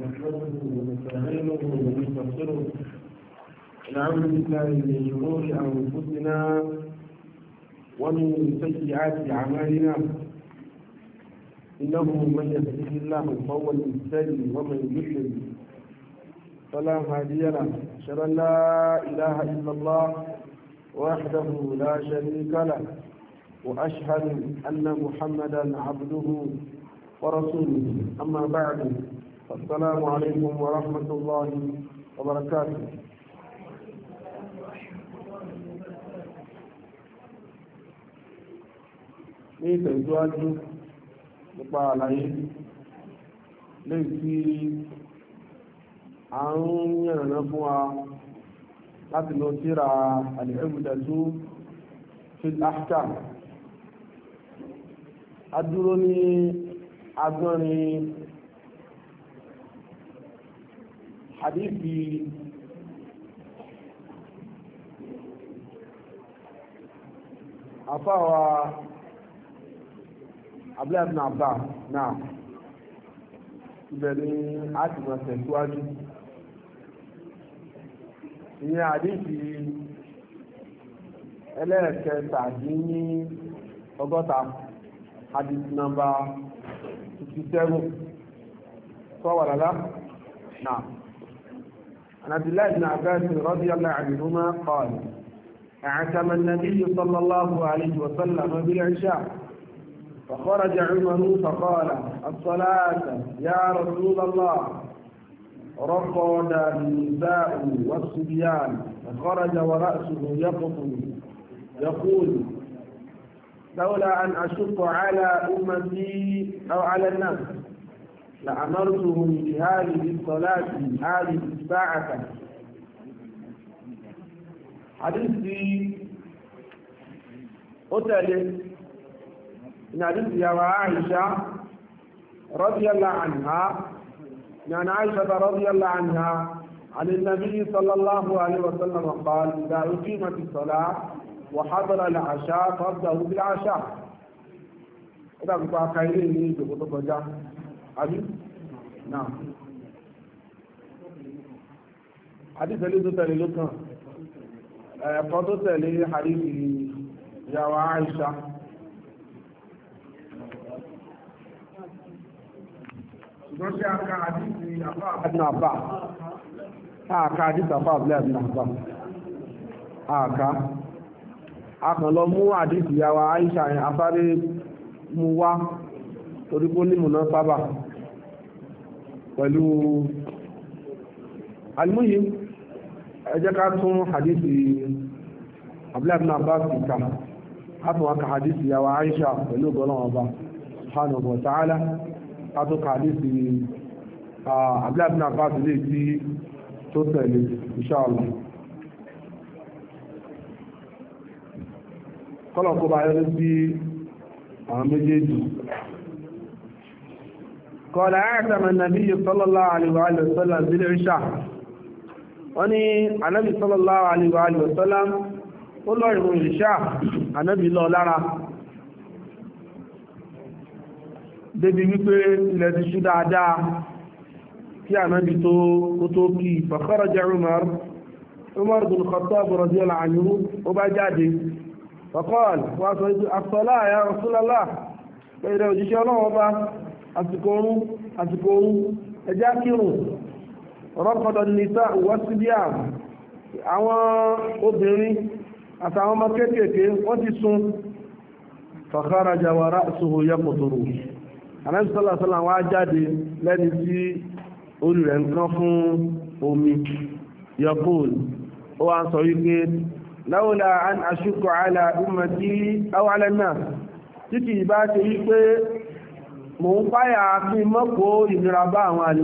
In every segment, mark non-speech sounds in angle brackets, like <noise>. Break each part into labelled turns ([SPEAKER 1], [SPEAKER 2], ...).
[SPEAKER 1] نحمده ونستعينه ونستغفره ونعوذ بالله من شرور انفسنا ومن سيئات اعمالنا انه من يهده الله فهو المهتدي ومن يضلل فلا هادي له اشهد ان لا اله الا الله وحده لا شريك له واشهد ان محمدا عبده ورسوله اما بعد السلام عليكم ورحمة الله وبركاته ní ìtẹ̀síwájú nípa àlàyé lẹ́yìn tí a ń yẹ̀rànà fún wa láti lọ síra al-Umdatu adúró ní agbọ́nrin àdífi àfáwà abúlẹ́bùn àbá náà ibẹ̀ ni a ti mọ̀ tẹ̀síwájú ìyẹn àdífi ẹlẹ́ẹ̀kẹta dín ní ọgọta hadith number 57 lálá náà عن عبد الله بن عباس رضي الله عنهما قال اعتم النبي صلى الله عليه وسلم بالعشاء فخرج عمر فقال الصلاة يا رسول الله رقد النساء والصبيان فخرج ورأسه يقطن يقول لولا أن أشق على أمتي أو على الناس لأمرتهم بهذه الصلاة هذه ìtìbáàkà àdísí ó tẹ̀lé ní àdísí yàwà àìṣà rọ́bíọ́lá àìhá ní àná àìṣà ta rọ́bíọ́lá àìhá عن النبي صلى الله عليه وسلم قال إذا أقيمت الصلاة وحضر العشاء فابدأوا بالعشاء إذا كنت أقايلين يجب أن تقول نعم àdìsẹ́lẹ̀ tó tẹ̀lé ló kàn ẹ̀kọ́ tó tẹ̀lé àdìsí ìyàwó Àìṣà
[SPEAKER 2] ṣùgbọ́n tí a ka àdìsí àfà àkà
[SPEAKER 1] àdìsí àfà àbúlé àbúlé àfà àkà akànlọ mú àdìsí ìyàwó Àìṣà yẹn afárẹ́ mú wá torí pé ní múná sábà pẹ̀lú alimuyi ẹ jẹ́ ká tún hadithi abdullahi bin abbas kà àtún wá ka hadithi yàwó aisha pẹ̀lú ọgọ́lọ́n ọba subhanahu wa ta'ala àtún ka hadithi abdullahi bin abbas lè ti tó tẹ̀lé inshallah kọ́lọ̀ kó bá yẹ́rẹ́ sí àwọn méjèèjì قال أعتم النبي صلى الله عليه وآله وسلم بالعشاء wọ́n ní anábì sallallahu alaihi wa sallam ó lọ ìrun ìṣà anábì lọ lára débi wípé ilẹ̀ ti ṣú dáadáa kí anábì tó kó tó kí fa kharaja Umar Umar bin Khattab radiyallahu anhu ó bá jáde faqal wá sọ ibi as-sala ya Rasulullah pé òjíṣẹ́ ọlọ́wọ́ bá àsìkò orun àsìkò orun ẹjá kírun rọ́pọ̀dọ̀ nìta wọ́síbíàm àwọn obìnrin àtàwọn ọmọ kéékèèké wọ́n ti sun fàkàrà jàwàrà ṣòwò yẹpọ̀tòrò anẹ́sọ́làsọ́là wọ́n á jáde lẹ́ni tí orí rẹ̀ ń kán fún omi yọkùn ó wá ń sọ wípé láwọ́lá an aṣúkọ̀ àlà ummati awàlẹ́ náà tí kì ṣe wípé mò ń páyà kí mọ́kò ìnira bá àwọn àlè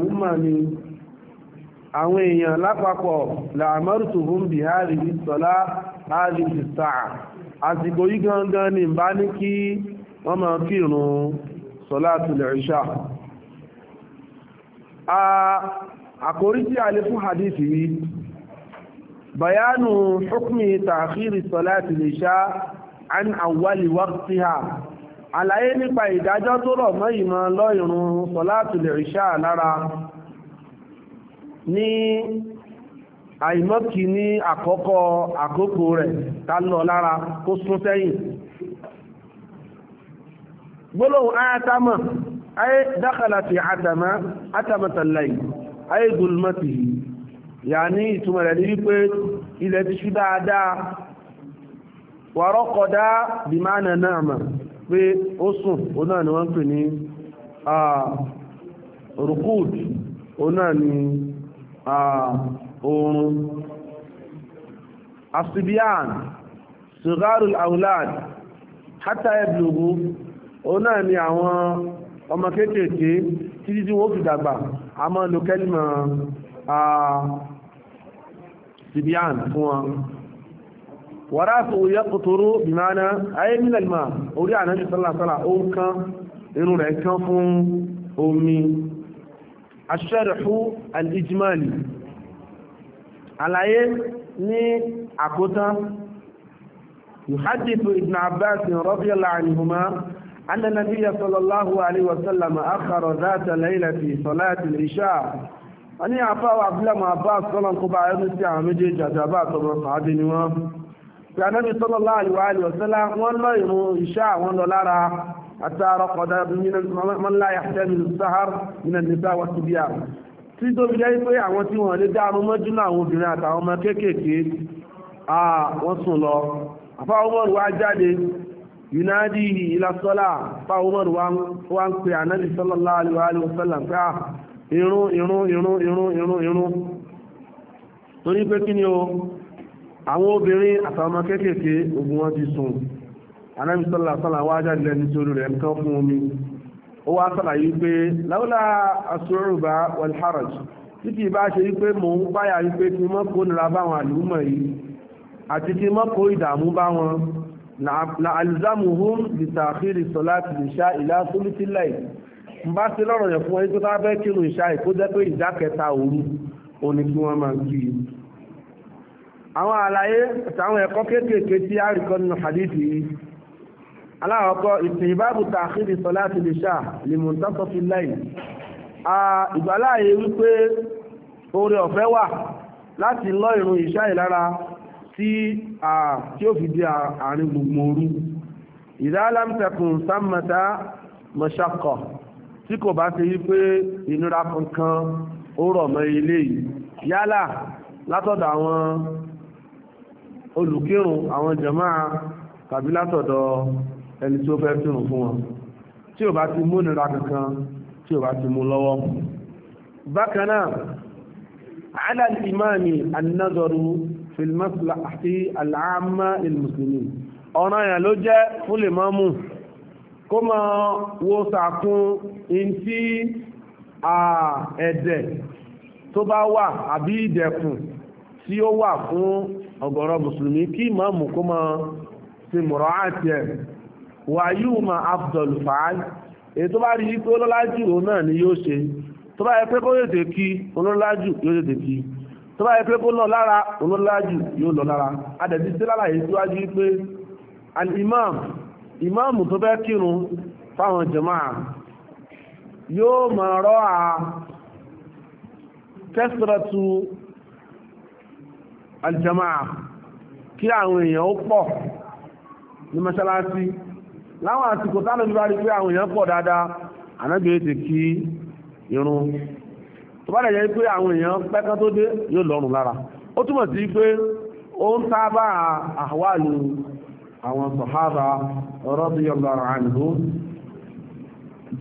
[SPEAKER 1] àwọn èèyàn lápapọ̀ làmọ́rùtùhún bí hàrí ìsọ̀lá hàrí ìsàà àsìkò yí gangan ni bá ní kí wọ́n máa kírun sọ̀látùl ìṣà àkórí tí a lè fún hadith yìí bayanu hukmi tàkírí sọ̀látùl ìṣà an awali awwali ha alaye nípa ìdájọ́ tó rọ̀ mọ́ ìmọ̀ lọ ìrun sọ̀látùl ìṣà lára ní àìmọ́kì ní àkọ́kọ́ àkókò rẹ̀ tá lọ lára kó sún sẹ́yìn gbólóhùn ayatama ayé dákàlà ti àtàmà àtàmàtàláì ayé gulmati yà ní ìtumọ̀ rẹ̀ ní wípé ilẹ̀ ti ṣú dáadáa wàrọ́kọ̀dá bìmánà náà mà pé ó sùn ó náà ni wọ́n pè ní ah, rukud ó náà ni Ah, oorun asibiyan sigarul aulad hata eblugu òun náà ni àwọn ọmọ kéékèèké títí tí wọ́n fi dàgbà àmọ́ lo kẹ́lìmọ̀ ah, sibiyan fún wọn wàrásù yẹ́kùtòrò ìmáná ayémínàlìmá orí ànájú sálàsálà ó ń rẹ̀ kán fún omi aṣẹ́rẹ̀hú al'ijimali àlàyé ní àkótán yuhadithu ibn abbas radiyallahu anhuma أن النبي صلى الله عليه وسلم أخر ذات ليلة في صلاة العشاء wọ́n ní àfáwà abúlẹ̀mù abbas sọ́lọ́n kó bá ẹnu sí àwọn méjèèjì àjàbá àtọ̀rọ̀ sàádé ni wọ́n pẹ̀lú ànábì sọ́lọ́ láàrín wàhálì ọ̀sẹ́lá wọ́n lọ ìrun ìṣá àwọn lọ àtàrà kọ̀dá man la yahtamilu sahar nínú nìta wa tibyan tí tó fi jẹ́ pé àwọn tí wọ́n lè dá ọmọ mọ́jú náà àwọn obìnrin àtàwọn ọmọ kéékèèké wọ́n sùn lọ àfa Umar wá jáde yunadi ila sọ́lá àfa Umar wá ń pè ànábì sallallahu alaihi wa sallam pé irun irun irun irun irun irun torí pé kí o àwọn obìnrin àtàwọn ọmọ kéékèèké ogun wọn ti sùn anábì sọ́lá sọ́lá wá jáde lẹ́nu sórí rẹ̀ nǹkan fún omi ó wá sàlàyé pé láúlà àsúrùbá wàlháraj tí kì í bá ṣe wípé mò ń báyà wípé kí mọ́ kó nira báwọn àlùmọ̀ yìí àti kí mọ́ kó ìdààmú báwọn na alzamuhum bi ta'khiri salati isha ila thuluthi al-layl n bá ṣe lọ́rọ̀ yẹn fún wọn tó bá fẹ́ kírun ìṣá ìkó jẹ́ pé ìdá kẹta òru ò kí wọ́n máa kí i àwọn àlàyé àtàwọn ẹ̀kọ́ kéékèèké tí a rí kọ́ nínú hadithi yìí aláwọ̀kọ́ ìsìn ìbáàbù tààkìrì sọláti lè ṣáà lè mọ̀ tọ́sọ̀fì láì ìgbàláyé wípé oore ọ̀fẹ́ wà láti lọ ìrun ìṣá ìlara tí ó fi di àárín gbùngbùn òru ìdálámtẹkùn sámẹ́ta mọ̀ṣàkọ̀ tí kò bá ti wípé ìnira kankan ó rọ̀ mọ́ ilé yìí yálà látọ̀dọ̀ àwọn olùkírun àwọn jàmáà tàbí látọ̀dọ̀ ẹni tí ó fẹ́ fírùn fún wọn tí ò bá ti mú nira kankan tí ò bá ti mú lọ́wọ́ bákan náà ala al-imami an-nazaru fi al-maslahati al-amma lil-muslimin ọ̀ràn yẹn ló jẹ́ fún lè mọ́mù kó mọ wo sàkún ìntí ẹ̀dẹ̀ tó bá wà àbí ìdẹ̀kùn tí ó wà fún ọ̀gọ̀rọ̀ mùsùlùmí kí ìmọ̀mù kó mọ ti mọ̀rọ̀ àti ẹ̀ wàyúùmà afdol fàáj èyí tó bá rí pé olólájú òun náà ni yóò ṣe tó bá yẹ pé kó tètè kí olólájú yóò tètè kí tó bá yẹ pé kó lọ lára olólájú yóò lọ lára adẹ̀bí sí lára yìí síwájú pé al-imam ìmáàmù tó bẹ́ kírun fáwọn jàmáà yóò máa rọ́ à kẹsìrọ̀tù al-jàmáà kí àwọn èèyàn ó pọ̀ ní mọ́ṣáláṣí láwọn àsìkò tánà bí bá rí pé àwọn èèyàn pọ̀ dáadáa ànábì ti kí irun tó bá dẹ̀jẹ́ pé àwọn èèyàn pẹ́kán tó dé yóò lọ́rùn lára ó túmọ̀ sí pé ó ń sábà àwàlù àwọn sàhábà radiyallahu anhum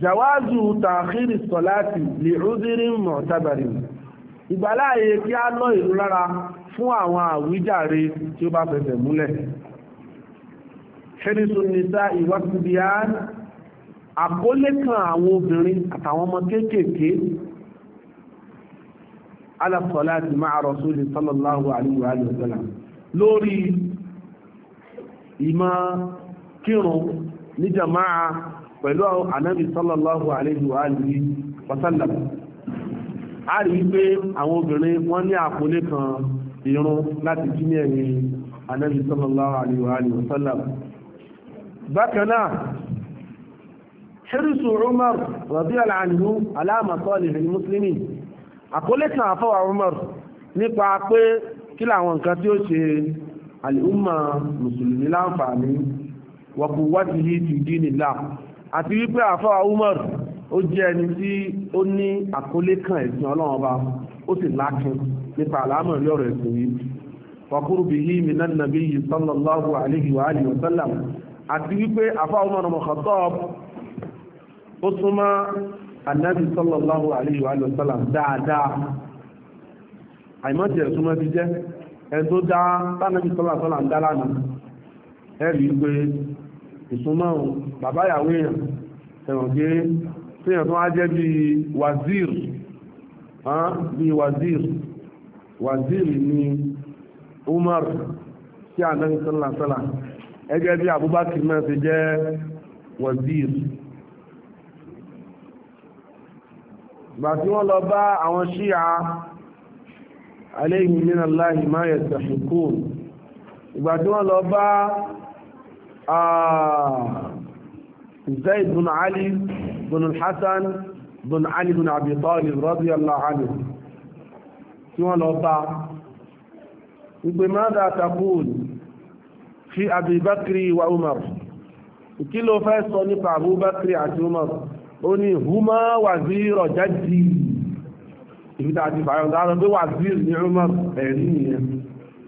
[SPEAKER 1] jàwáàzù tààkìrì sọ̀láàtì lè rúdírí mọ̀tábàrì ìgbàláàyè kí á lọ ìlú lára fún àwọn àwíjàre tí ó bá fẹsẹ̀ múlẹ̀ ṣẹ́nisùn nìta ìwákùnbíyàn àkólé kan àwọn obìnrin àtàwọn ọmọ kéékèèké alàkọ̀ọ́lá ti máa Rasuli sallallahu alaihi wa sallam lórí ìmọ̀ kírun ní jama'a pẹ̀lú ànábì sallallahu alaihi wa sallam a rí pé àwọn obìnrin wọ́n ní àkólé kan ìrun láti kí ní bákanáà ṣírísù umar radiyallahu anhu aláàmàtọ́lì ní musulmi àkólẹ́kàn àfọwà umar nípa pé kí làwọn nǹkan tí ó ṣe alìhúnmà musulmi láǹfààní wa quwwatihi fi dinillah àti wípé àfọwà umar ó jẹ́ ẹni tí ó ní àkólẹ́kàn ẹ̀sìn ọlọ́run ọba ó sì lákin nípa àlámọ̀ lọ́rọ̀ ẹ̀sìn yìí wa qurbihi sallallahu alaihi wa sallam àti wípé àfá Umar ibn Khattab ó súnmọ́ anábì sallallahu alayhi wa sallam dáadáa àìmọ́tì ẹ̀súnmọ́ ti jẹ́ ẹn tó dá tánàbì sallallahu sallam dá lánàá ẹ̀rí pé ìsúnmọ́ bàbá ìyàwó èèyàn ẹ̀wọ̀n gé tíyàn tó wá jẹ́ bí wazir ẹgẹ́ bí Abubakar náà ti jẹ́ wazir ìgbà tí wọ́n lọ bá àwọn ṣíà alayhim minallahi ma yastahiqun ìgbà tí wọ́n lọ bá Zayd bin Ali bin Hassan bin Ali bin Abi Talib radiyallahu anhu tí wọ́n lọ bá wípé mada taqul fi abubakri wa umar kí ló fẹ́ sọ nípa abubakri àti umar ó ní huma waziro jaddi ibi tá a ti fàyọ̀ dáadọ́ pé wazir ní umar ẹ̀rí nìyẹn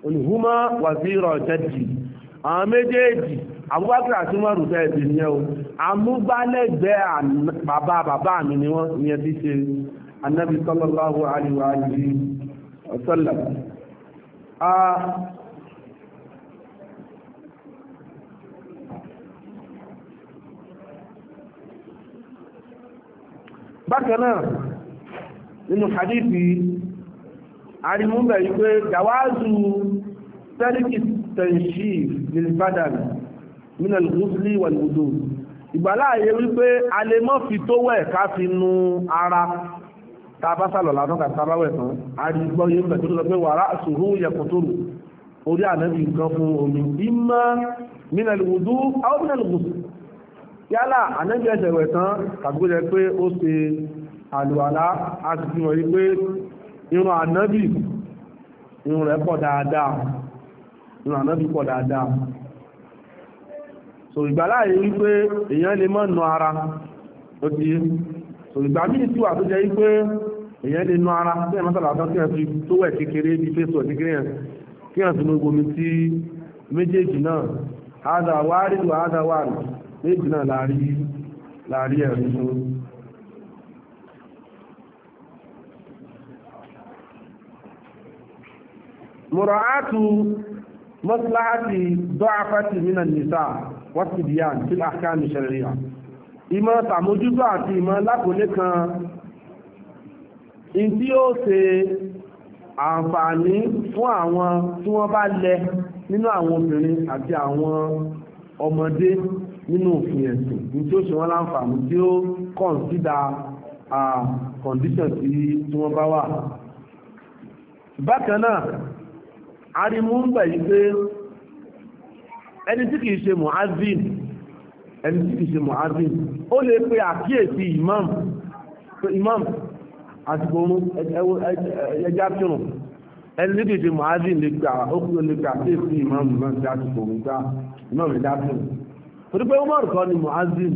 [SPEAKER 1] ó ní huma waziro jaddi àwọn méjèèjì abubakar àti umaru tẹ́ ẹ̀bì ní ẹ̀wọ̀ amúgbálẹ́gbẹ̀ẹ́ bàbá bàbá mi ni wọ́n ní ẹbí ṣe anábì sallallahu alaihi wa bákanáà nínú hadithi arimúbẹ̀ yìí pé jawazu tẹ́líkì tẹ̀ṣì lilbadan nínú musli wal wudu ìgbàláàyè wípé a lè mọ́ fi tó wẹ̀ ká fi nu ara tàbá sálọ̀ látọ́ kà sábà wẹ̀ tán a rí gbọ́ yé mẹ́ tó lọ pé wàrà sùhú yẹkùn orí ànábì nǹkan fún omi ìmọ̀ nínú al yálà ànábì ẹsẹ̀ wẹ̀ tán tàbí kó jẹ́ pé ó ṣe àlùwàlá a sì fi hàn yí pé irun ànábì irun rẹ̀ pọ̀ dáadáa irun ànábì pọ̀ dáadáa so ìgbàláyé wípé èèyàn lè mọ́ nu ara ó ti so ìgbà míì tí wà tó jẹ́ wípé èèyàn lè nu ara tí ẹ̀ mọ́tàlá tán kí ẹ̀ fi tó wẹ̀ kékeré bí fésù ẹ̀ kékeré yẹn kí ẹ̀ fi nu gbomi tí méjèèjì náà ádà wárí wà ádà méjì náà láàrí ẹ̀rí fún mùràátù mọ́síláàtì dọ́àfẹ́tì mínà nìsà wọ́sídìyàn tí láàkáàmì ṣẹlẹ̀ríà ìmọ̀ tàmójútó àti ìmọ̀ lápòlé kan in tí ó ṣe àǹfààní fún àwọn tí wọ́n bá lẹ nínú àwọn obìnrin àti àwọn ọmọdé nínú òfin ẹ̀sìn ní tí ó ṣe wọ́n láǹfààní tí ó kọ̀ǹsídà kọ̀ǹdíṣọ̀n tí wọ́n bá wà. bákan náà arimu ń gbà yìí pé ẹni tí kìí ṣe mu'azin ẹni tí kìí ṣe mu'azin ó lè pe àkíyèsí imam imam àsìkò orun ẹja kírun ẹni tí kìí ṣe mu'azin lè pe àkíyèsí imam náà sí àsìkò orun gbá imam ẹja kírun torí pé Umar kọ́ ni muazin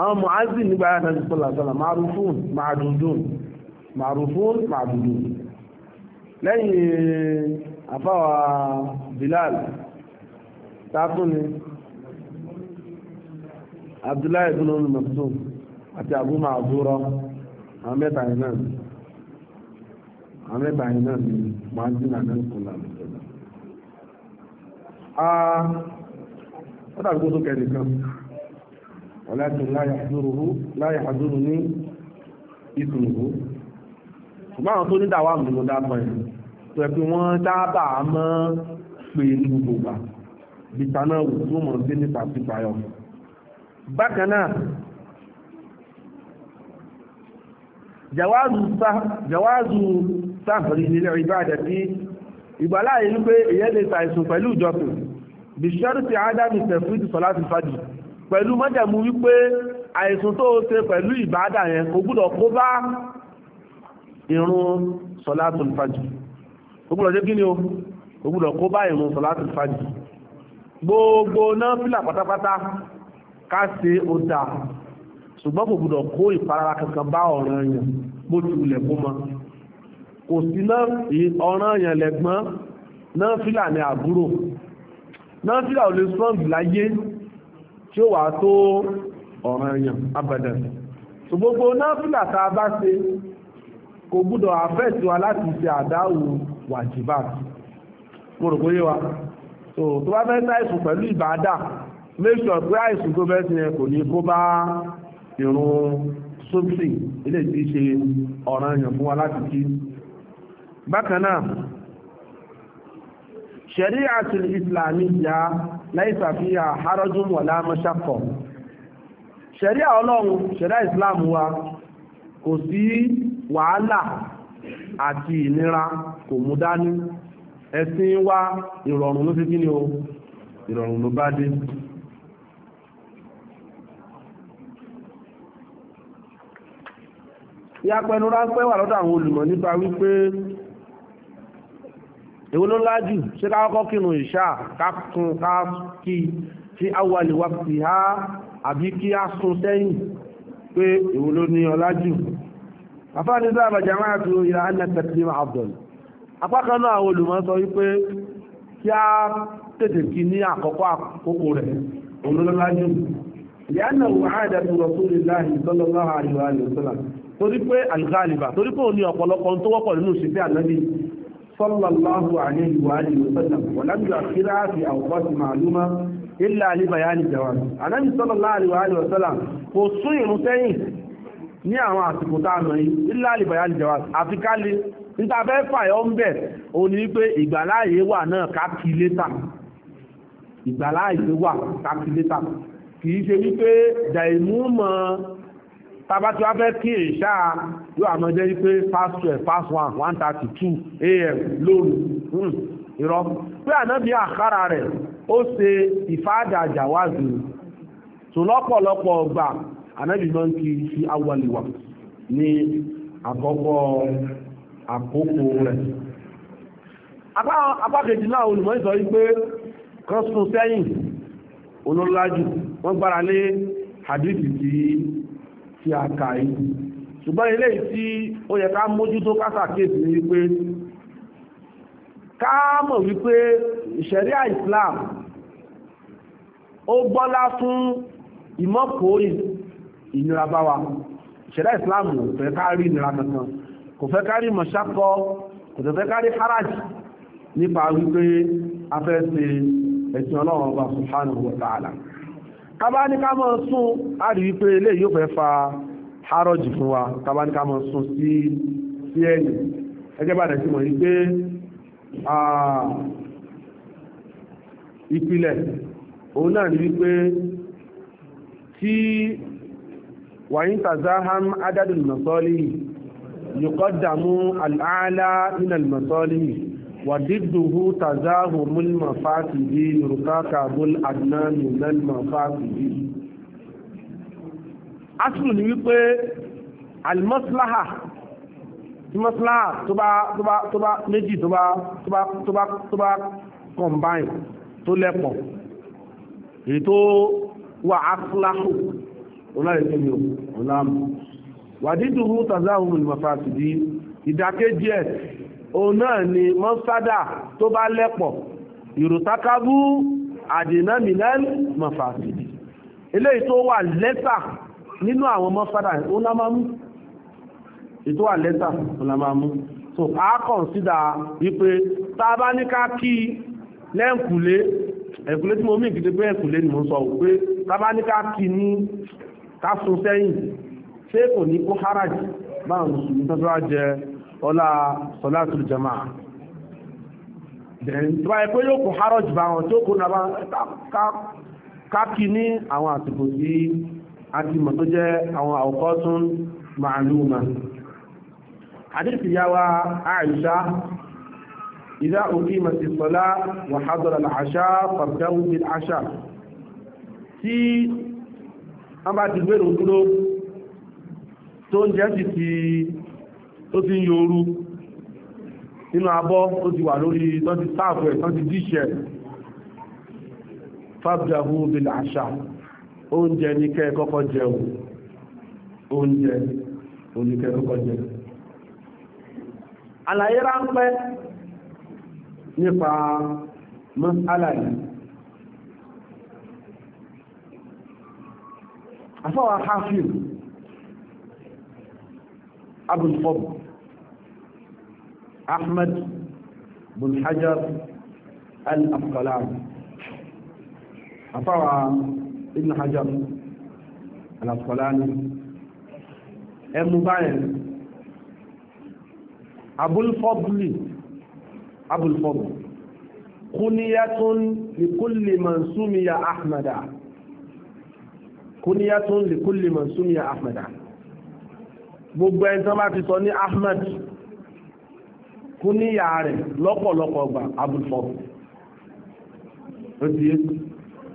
[SPEAKER 1] àwọn muazin nígbà yàtọ̀ ní sọ́là sọ́là ma'rufun ma'dudun ma'rufun ma'dudun lẹ́yìn àfáwà Bilal tààtún ni Abdullahi ibn umm Maktun àti Abu Ma'zura àwọn mẹ́ta yìí náà àwọn mẹ́ta yìí náà ni muazin àti sọ́là sọ́là ó dàbí kó sókè nìkan ọ̀làtún láyé àdúrú ní ìtùnúhù ṣùgbọ́n àwọn tó ní dàwà mú ló dápọ̀ ẹ̀ tó ẹ̀ pé wọ́n sábà mọ́ pé ní gbogbo gbà bìtà náà wò tó mọ̀ sí ní pàṣípàyọ̀ bákan náà jàwázù sáfàrí nílẹ̀ ìbáàdà tí ìgbàláyé wípé èyẹ́ lè ṣàìsùn pẹ̀lú ìjọsìn bìṣẹ́rìtì ádámì tẹ̀fúìtì sọ̀láti fàájì pẹ̀lú mọ́jẹ̀mú wípé àìsùn tó ṣe pẹ̀lú ìbádà yẹn kò gbúdọ̀ kó bá ìrun sọ̀láti fàájì kò gbúdọ̀ jẹ́ kí ni o kò gbúdọ̀ kó bá ìrun sọ̀láti fàájì gbogbo náà fílà pátápátá ká ṣe ó dà ṣùgbọ́n kò gbúdọ̀ kó ìpalára kankan bá ọ̀ràn yẹn bó ti wulẹ̀ kó mọ kò sí náà ọ̀ràn yẹn lẹ́gbọ́n náà fílà ní àbúrò náfílà ò lè strong láyé tí ó wà tó ọ̀ràn èèyàn abẹ̀dẹ̀ tó gbogbo náfílà tá a bá ṣe kò gbúdọ̀ àfẹ́ẹ̀tì wa láti ṣe àdáwò wàjìbá mo rò bóyá wa tó tó bá fẹ́ ṣàìsùn pẹ̀lú ìbádà make sure pé àìsùn tó fẹ́ sí yẹn kò ní kó bá ìrun sóbìsì ilé tí ṣe ọ̀ràn èèyàn fún wa láti kí bákan náà ṣẹ̀rí'àtì ìsìlámíyà láìsà fi àhárọ́jú wọ̀lá mọ́ṣàkọ̀ ṣẹ̀rí'à ọlọ́run ṣẹ̀rí'à ìsìlámù wa kò sí wàhálà àti ìnira kò mú dání ẹ̀sìn wa ìrọ̀rùn ló fi kí ni o ìrọ̀rùn ló ya dé ìyapẹnu ráńpẹ́ wà lọ́dọ̀ àwọn olùmọ̀ nípa wípé èwo ló lájú ṣé ká kọ́kọ́ kínú ìṣá ká kún ká kí tí awàlè wá sí á àbí kí á sún sẹ́yìn pé èwo ló ní ọlájú àfáà ní sábà jàmáà tó ìlà anna tẹ̀sí máa bọ̀ apá kan náà àwọn olùmọ̀ sọ wípé kí á tètè kí ní àkọ́kọ́ àkókò rẹ̀ òun ló lájú ìyáàna wò áàdà tó Rasulullahi sallallahu alaihi wa sallam torí pé al-ghaliba torí pé òun ní ọ̀pọ̀lọpọ̀ tó wọ́pọ̀ nínú ìṣẹ́fẹ́ ànábì صلى الله عليه وآله وسلم ولم يؤخرها في أوقات معلومة إلا لبيان الجواز النبي صلى الله عليه وآله وسلم kò sún ìrun sẹ́yìn ní àwọn àsìkò tá a mọ̀ yìí ilá àlìbàyà ìjọba àfi ká lè níta fẹ́ fàyọ́ ń bẹ̀ ó ní pé ìgbàláàyè wà náà káàkì létà ìgbàláàyè wà káàkì létà kì í ṣe wípé dàìmú mọ́ tàbá tí wọ́n fẹ́ kí ìṣá yóò àmọ́ jẹ́ wípé past twelve past one one thirty two a.m. lóru hmm, irọ́ pé ànábì àkàrà rẹ̀ ó ṣe ìfáàdà àjàwázì tó lọ́pọ̀lọpọ̀ ọgbà ànábì máa ń kí sí awàlìwà ní àkọ́kọ́ àkókò rẹ̀. apá kejì náà olùmọ̀ ìsọ wípé kan sún sẹ́yìn olólájú wọ́n gbára lé hadith tí tí a kà yìí ṣùgbọ́n ilé tí ó yẹ ká mójútó kásàkéèsì ní wípé ká mọ̀ wípé ìṣẹ̀ríà Islam ó gbọ́lá fún ìmọ́kò ìnira bá wa ìṣẹ̀ríà Islam ò fẹ́ ká rí ìnira kankan kò fẹ́ ká rí mọ̀ṣákọ kò fẹ́ ká rí haraji nípa wípé a fẹ́ ṣe ẹ̀sìn Ọlọ́run ọba subhanahu wa ta'ala tàbá ní ká mọ́ sún a rí wípé ilé yóò fẹ́ fa harrods fún wa tàbá ní ká mọ́ sún sí sí ẹ̀yìn ẹgbẹ́ bá dẹ̀sí mọ̀ yí ìpìlẹ̀ òun náà ní wípé tí wàyí tazaham adadul masọ́lì yìí yùkọ́ dàmú àlàálá nínú al yìí وضده تزاهم المفاتد يرتكب الأدنى من المفاتد aṣùlù ni wípé almaslaha tí maslaha tó bá tó bá tó bá méjì tó bá tó bá tó bá tó bá combine tó lẹ́pọ̀ èyí tó wà aslahu oláyẹ̀kẹ́ mi ò ọ̀làmù wàdídùú tàzáhùn ìmọ̀fàṣìdí ìdákéjì ẹ̀ òun náà ni mọ́sádà tó bá lẹ́pọ̀ ìrùsákábú àdìnà mìíràn mọ̀fàṣìdì eléyìí tó wà lẹ́tà nínú àwọn mọ́sádà òun náà máa ètò wà lẹ́tà òun so a kọ̀nsídà wípé tá a bá ní ká kí lẹ́ǹkùlé ẹ̀kùlé tí mo mí ìkìtì pé ẹ̀kùlé ni mo sọ pé tá a bá ní ká kí ní ká sun sẹ́yìn ṣé kò ní kó háràjì báwọn mùsùlùmí tó wá jẹ ọlá sọlátùl jama'a tó bá yẹ pé yóò kó harrods bá wọn tó kó nàbá káàkiri ní àwọn àsìkò tí a ti mọ̀ tó jẹ́ àwọn awqatun ma'luma hadith ya wa Aisha إذا أقيمت الصلاة وحضر العشاء فابدأوا بالعشاء tí a bá ti gbèrò dúró tó ń jẹ́ ti ti tó ti ń yòrú nínú abọ́ tó ti wà lórí tó ti sáàfù ẹ̀ tó ti díṣẹ̀ fábíàhú bil àṣà oúnjẹ ní kẹ́ kọ́kọ́ jẹun oúnjẹ oníkẹ́ kọ́kọ́ jẹun àlàyé ráńpẹ́ nípa mọ́sálà yìí afọ́wà hafiz abúlfọ́bù ahmed bin hajar al-asqalani afáwa ibn hajar al-asqalani ẹmu báyẹn abúlfọ́bùlì abúlfọ́bùlì kúníyàtún likulli mansumiya ahmeda kúníyàtún likulli mansumiya ahmeda gbogbo ẹni tán bá ti sọ ní ahmed kúníyà rẹ̀ lọ́pọ̀lọpọ̀ ọgbà abúlfọ́ òtí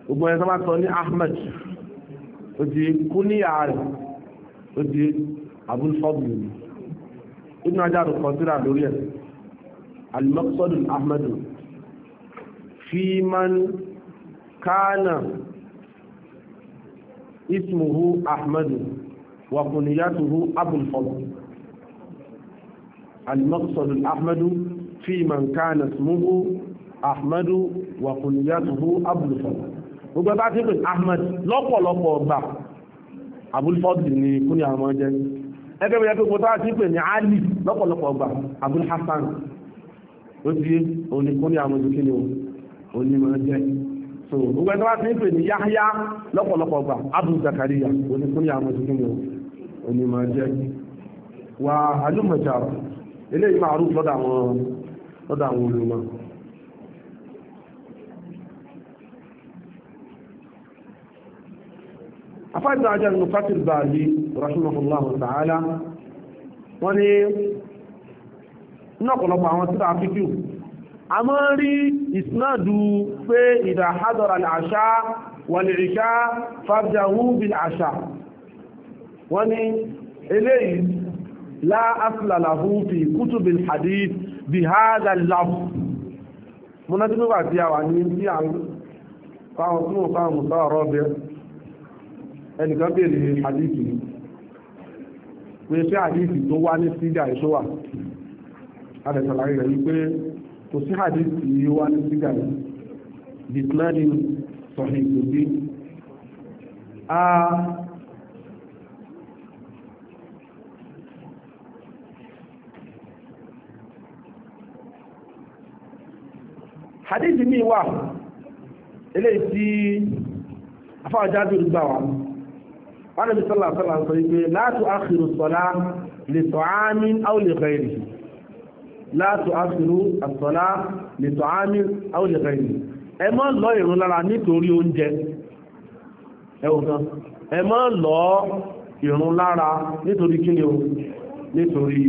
[SPEAKER 1] gbogbo ẹ̀ sábà sọ ní Ahmed òtí kúníyà rẹ̀ òtí abúlfọ́ bìbì inú ajá rẹ̀ kọ̀ǹtírà lórí ẹ̀ alimọ́sọ́dún Ahmed fíman kánà ismuhu Ahmed wàkùnìyàtùhu abúlfọ́ المقصد الأحمد في من كان اسمه أحمد وكنيته أبو الفضل gbogbo ẹbá tí pín Ahmed lọ́pọ̀lọpọ̀ ọgbà abúlfọ́dì ni kúni àwọn jẹ́ ẹgbẹ́ ìyẹ́ gbogbo tá tí pín ní Ali lọ́pọ̀lọpọ̀ ọgbà Abúlhassan ó ti yé òní kúni àwọn jù kíni òní mọ̀ jẹ́ so gbogbo ẹbá tí pín ní Yahya lọ́pọ̀lọpọ̀ ọgbà Abu Zakariya òní kúni àwọn jù kíni òní mọ̀ jẹ́ wà alúmọ̀jára eléyìí máa rúf lọ́dọ̀ àwọn lọ́dọ̀ àwọn olùmọ̀ afáìsà ajá nínú fatil báàlì rahimahullahu ta'ala wọ́n ní ní ọ̀pọ̀lọpọ̀ àwọn tírà fíkíù a mọ́ rí ìsinádù pé idha hadara al-asha wal-isha fabda'u bil wọ́n ní eléyìí لا أصل له في كتب الحديث بهذا اللفظ منادي نوع تي àwọn ni tí àwọn fáwọn tún fáwọn mùsàrọ́bẹ̀ ẹnìkan bèèrè hadithi pé ṣé hadithi tó wá ní sígà ìṣó wà adẹ̀sàlàyé rẹ̀ wípé kò sí hadithi yìí wá ní sígà yìí bìtìlẹ́ni sọ̀hìn a hadith mi wà eléyìí tí afáwọn jábìrì gbà wà wọn nàbí sọlá sọlá sọ wípé látò àkìrò sọlá lè tọ́ àmì àwọn lè rẹ̀rì látò àkìrò sọlá lè tọ́ àmì àwọn lè rẹ̀rì ẹ má lọ ìrun lára nítorí oúnjẹ ẹwọ kan ẹ má lọ ìrun lára nítorí kíni o nítorí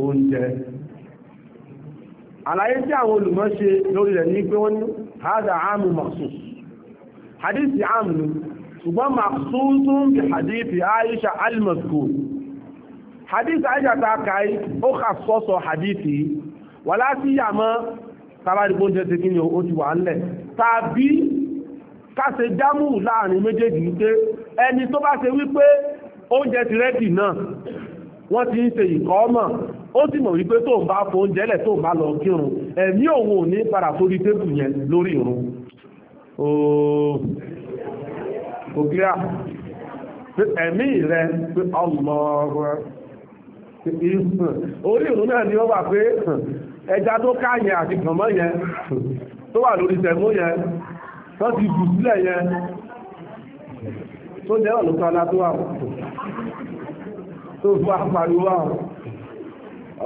[SPEAKER 1] oúnjẹ àlàyé tí àwọn olùmọ̀ ṣe lórí rẹ̀ ní pé wọ́n ní hádà áàmù maksus hadithi áàmù ṣùgbọ́n maksusun bí hadithi aisha almasku hadith aisha ta kai ó kà sọ́sọ̀ hadithi wà láti yàmọ́ tàbádìgbò jẹ́ ti kíni ó ti wà ńlẹ̀ tàbí káṣe jámù láàrin méjèèjì wípé ẹni tó bá ṣe wípé oúnjẹ ti rẹ́dì náà wọ́n ti ń ṣe ìkọ́ ọmọ ó sì mọ̀ wípé tó ń bá fo oúnjẹ lẹ̀ tó ń bá lọ kírun ẹ̀mí òun ò ní padà sórí tébù yẹn lórí ìrun kò kíá ẹ̀mí rẹ̀ pé ọmọ orí ìrun náà ni ó wà pé ẹja tó ká yẹn àti kànmọ́ yẹn tó wà lórí tẹ̀mú yẹn tó ti bù sílẹ̀ yẹn tó jẹ́ ọ̀lùkọ́ alá tó fà pàríwá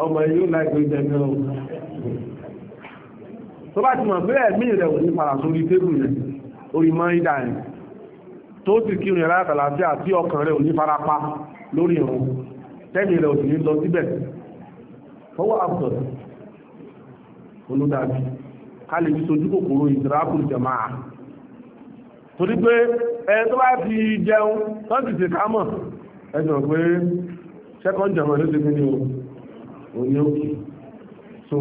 [SPEAKER 1] ọmọ yóò láìpẹ́ ìjẹgbẹ́ o tó bá ti mọ̀ pé ẹ̀mí rẹ̀ ò ní padà sórí tébù rẹ̀ orí mọ́ ìdá rẹ̀ tó sì kí rìn látàlá sí àti ọkàn rẹ̀ ò ní farapa lórí ìrun tẹ́mi rẹ̀ ò sì ní lọ síbẹ̀ fọwọ́ àbùsọ̀ olódàbí ká lè fi sojú kòkòrò ìdìrákùn jàmáà torí pé ẹ̀ tó bá ti jẹun tó sì ṣe ká mọ̀ ẹ sọ pé second jama ló ti fi ní o òní òkè so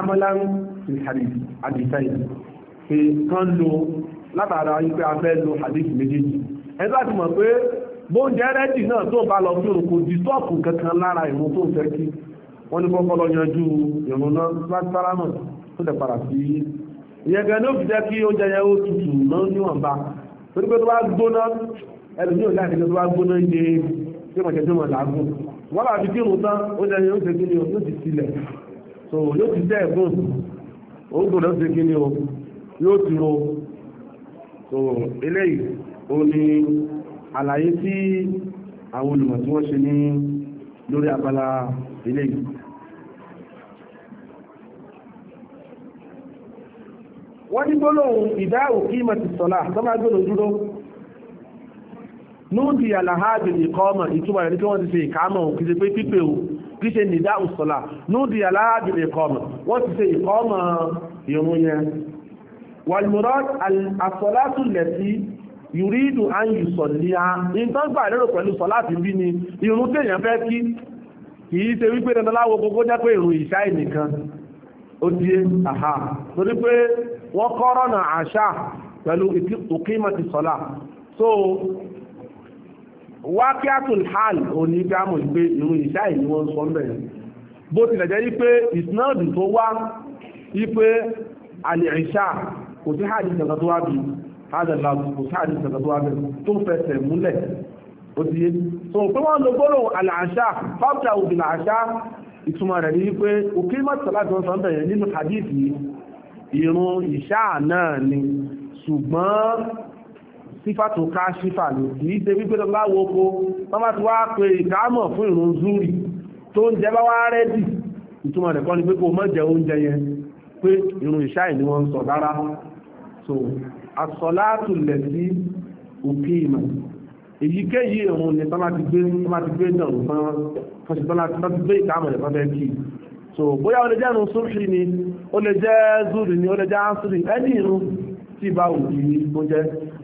[SPEAKER 1] amalan ti hadith àdìsáì pé kán lo látara wípé a fẹ́ lo hadith méjèèjì ẹ bá ti mọ̀ pé bóúnjẹ rẹ́dì náà tó bá lọ fún kò di sọ́ọ̀kù kankan lára ìrun tó ń fẹ́ kí wọ́n ní kọ́kọ́ lọ yanjú ìrun náà láti sáramọ̀ tó dẹ̀ padà sí ìyẹn gan ní fi jẹ́ kí oúnjẹ yẹn ó tutù náà níwọ̀nba torí pé tó bá gbóná ẹlòmíì ò láti tó bá gbóná yé tí wọ́n jẹ́ tí wọ́n làágùn wọ́n làbí kí òun tán ó jẹ́ yóò ṣe kí ni o yóò ti sílẹ̀ so yóò ti dẹ́ ẹ̀gùn oògùn náà ṣe kí ni o yóò ti ro so eléyìí ó ní àlàyé tí àwọn olùmọ̀ tí wọ́n ṣe ní lórí abala eléyìí wọ́n ní gbólóhùn ìdá òkè ìmọ̀ ti sọ̀lá tọ́lá dúró núùdì àlàháàbì ìkọ́ọ̀mọ̀ ìtumọ̀ rẹ̀ ní kí wọ́n ti ṣe ìkámọ̀ kì í ṣe pé pípé o kì í ṣe nìdá òṣùlá núùdì àlàháàbì ìkọ́ọ̀mọ̀ wọ́n ti ṣe ìkọ́ọ̀mọ̀ ìrún yẹn wàlmùrọ́d àsọ̀látù lẹ̀tí yùrídù áyù sọ̀líà nǹkan gbà lérò pẹ̀lú sọ̀láàtì bí ni irun téèyàn fẹ́ kí kì í ṣe wípé dandaláwo gbogbo jẹ́ pé ìṣá ìnìkan ó díé àhà torí pé wọ́n kọ́rọ̀nà àṣà pẹ̀lú òkímọ̀ ti sọ̀lá so wákíátùl hàn òní bí a mọ̀ pé irun ìṣáì ni wọ́n sọ mẹ́rin bó tilẹ̀ jẹ́ wípé ìsináàdù tó wá wípé àlìṣà kò sí hàdí ìṣẹ̀kan tó wá bí hádàlá kò sí hàdí ìṣẹ̀kan tó wá bẹ̀rẹ̀ tó fẹsẹ̀ múlẹ̀ ó ti yé so pé wọ́n lo gbọ́rọ̀ àlàṣà fábíà òbí làṣà ìtumọ̀ rẹ̀ ní wípé òkè mọ́tàlá tó ń sọ mẹ́rin nínú hadithi irun ìṣáà náà ni ṣùgbọ́n sífàtò ká sífà ní kìí ṣe wípé lọ́wọ́ oko wọ́n bá ti wá pé ìkámọ̀ fún ìrun zúrì tó ń jẹ bá wá rẹ́dì ìtumọ̀ rẹ̀ kọ́ ni pé kó má jẹ oúnjẹ yẹn pé ìrun ìṣáì ni wọ́n sọ rárá so àsọ̀látù sí òkè ìmọ̀ èyíkéyìí ìrun ni tọ́lá ti gbé náà ti gbé ìkámọ̀ rẹ̀ fọ́fẹ́ so bóyá ó lè ni ó lè ni ó lè jẹ́ ásùrì ẹni ìrun tí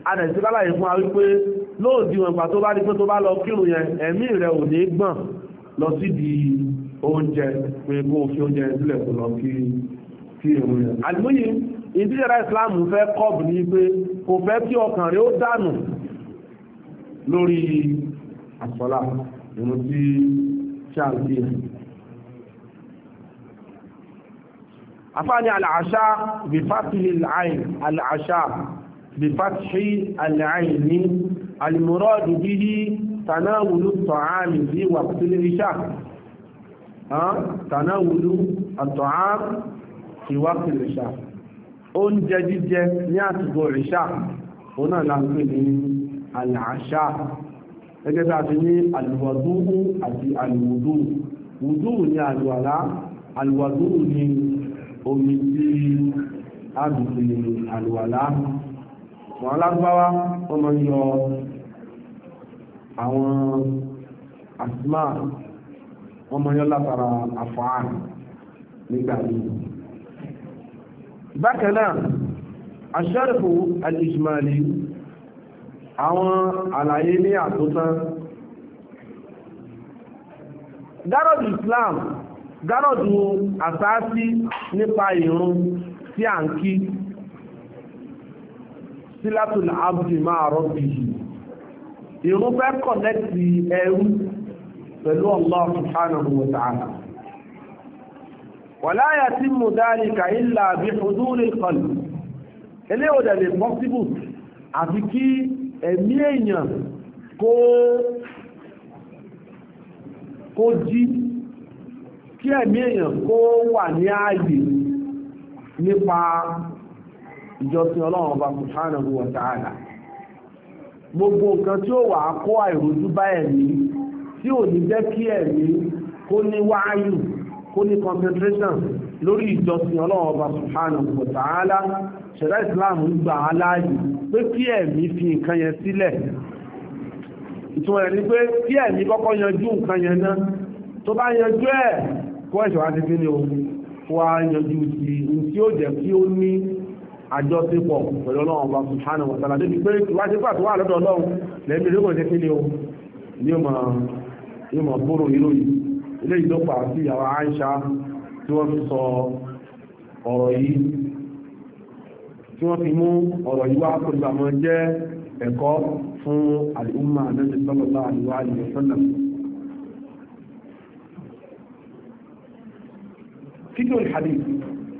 [SPEAKER 1] adẹ̀sí lálàyé fún wa wípé lóòdí wọn gbà tó bá rí pé tó bá lọ kírun yẹn ẹ̀mí rẹ̀ ò ní gbọ̀n lọ sí di oúnjẹ pé kó o fi oúnjẹ sílẹ̀ kó lọ kí kí èrò yẹn àdìmúyì ìdíjẹ́ra Islam fẹ́ kọ́ọ̀bù ní pé kò fẹ́ kí ọkàn rẹ̀ ó dànù lórí àsọlá ìrùn tí ṣáàlì yẹn afáàní àlàáṣá bífásílì àìn àlàáṣá بفتح العين المراد به تناول الطعام في وقت العشاء أه؟ تناول الطعام في وقت العشاء oúnjẹ jíjẹ ní àsìkò ìṣà òun náà láńpẹ́ ní àlàáṣà gẹ́gẹ́ bí a ti ní àlùwàdúhù àti àlùwùdú wùdú ní àlùwàlá àlùwàdúhù ní omi tí a dùn sí àlùwàlá wọn alágbáwá wọ́n máa ń yọ àwọn àsìmá wọ́n máa ń yọ látara àfàá nígbà yìí bákan náà aṣẹ́rẹ̀fù alìsìmáàlì àwọn àlàyé ní àtúntán gárọ̀dù Islam gárọ̀dù àsáàsí nípa ìrun tí à ń kí sílátùn àbùdì máa rọ́bì yìí ìrún fẹ́ kọ̀nẹ́tì ẹrú pẹ̀lú Allah subhanahu wa ta'ala wà láyà tí mo dhalika illa bí huduri qalbi ilé òdà lè pọ́síbù àfi kí ẹ̀mí èèyàn kó kó jí kí ẹ̀mí èèyàn kó wà ní ààyè nípa ìjọsìn ọlọ́run ọba subhanahu wa ta'ala gbogbo nǹkan tí ó wà kó àìrójú bá ẹ̀mí tí ò ní jẹ́ kí ẹ̀mí kó ní wáyù kó ní concentration lórí ìjọsìn ọlọ́run ọba subhanahu wa ta'ala ṣẹ̀dá islam ń gbà á láàyè pé kí ẹ̀mí fi nǹkan yẹn sílẹ̀ ìtumọ̀ rẹ̀ ni pé kí ẹ̀mí kọ́kọ́ yanjú nǹkan yẹn náà tó bá yanjú ẹ̀ kó ẹ̀ṣọ́ wá ti fi ní o wá yanjú ti ní tí ó jẹ́ kí ó ní àjọṣepọ̀ pẹ̀lú ọlọ́run ọba subhanahu wa ta'ala débi pé wájú pàtó wà lọ́dọ̀ ọlọ́run lẹ́mí ló kàn jẹ́ kíni o ní ọmọ ní ọmọ bóró ìlú yìí ilé ìdọ́pà sí ìyàwó Aisha tí wọ́n fi sọ ọ̀rọ̀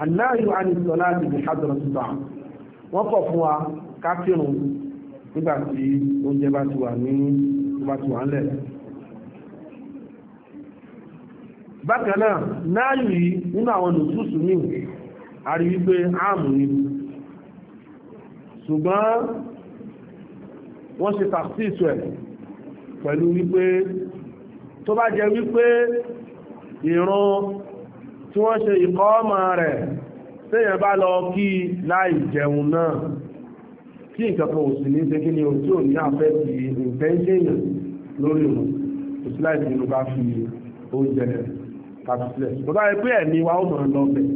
[SPEAKER 1] aláàyò àdìsọ láti lè ṣàdọ̀rọ̀ títà wọ́n kọ̀ fún wa ká kírun nígbà tí oúnjẹ bá ti wà ní bá ti wà ńlẹ̀ bákan náà náàyò yìí nínú àwọn nùtúùsù ní àrí wípé áàmù ni ṣùgbọ́n wọ́n ṣe tàṣíṣù ẹ̀ pẹ̀lú wípé tó bá jẹ́ wípé ìran tí wọ́n ṣe ìkọ́ ọmọ rẹ̀ tẹ́yàn bá lọ kí láì jẹun náà tí ìkẹ́kọ̀ọ́ òsì ní ṣekí ni òtí ò ní àfẹ́ ti ìfẹ́ńṣẹ́yàn lórí òun kò sí láì nínú bá fi oúnjẹ kàtúsílẹ̀ tó bá yẹ pé ẹ̀mí wa ó mọ̀ lọ bẹ̀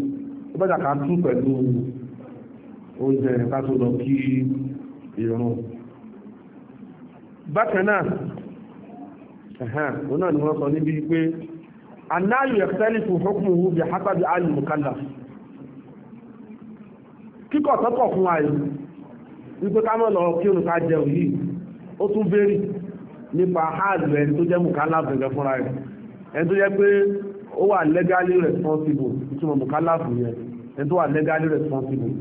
[SPEAKER 1] ó bẹ́ta ká tú pẹ̀lú oúnjẹ ká tó lọ kí ìrun bákan náà òun náà ni wọ́n sọ níbi pé annáyù yẹ̀kẹ́lìfù hukmuhu bí hasabi al-mukallaf kíkọ̀ tọ́kọ̀ fún ààyè wípé ká mọ́ lọ kí òun ká jẹun yìí ó tún bẹ́rì nípa hàlù ẹni tó jẹ́ mukallaf gẹ̀gẹ̀ fúnra rẹ̀ ẹni tó jẹ́ pé ó wà legally responsible ìtumọ̀ mukallaf yẹn ẹni tó wà legally responsible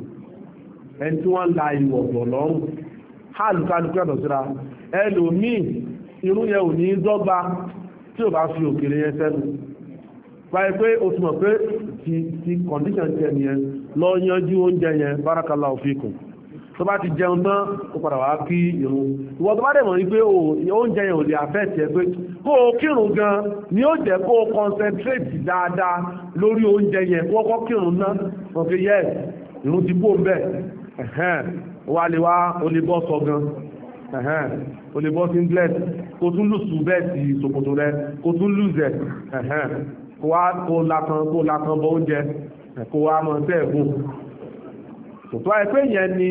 [SPEAKER 1] ẹni tí wọ́n la ìwọ̀gbọ̀ lọ́rùn hàlù kálukú ẹ̀dọ̀ síra ẹlòmíì irú yẹn ò ní dọ́gba tí ò bá fi òkèlè yẹn sẹ́nu báyìí pé o túnmọ̀ pé ti ti condition tẹ nìyẹn lọ yanjú oúnjẹ yẹn barakallahu fikum tó bá ti jẹun tán ó padà wá kí irun ìwọ tó bá dẹ̀ mọ̀ ní pé oúnjẹ yẹn ò lè affect ẹ pé kó o kírun gan ni ó jẹ́ kó o concentrate dáadáa lórí oúnjẹ yẹn kó o kọ́ kírun náà wọ́n fi yẹ irun ti bó bẹ́ẹ̀ wà lè wá o lè bọ́ sọ gan o lè bọ́ singlet kó tún lùsù bẹ́ẹ̀ sí ìsòkòtò rẹ kó tún lùsẹ̀ kó wá tó lakan kó lakan bọ oúnjẹ kó wá mọ tẹ́ẹ̀gùn tòtò àìpé yẹn ni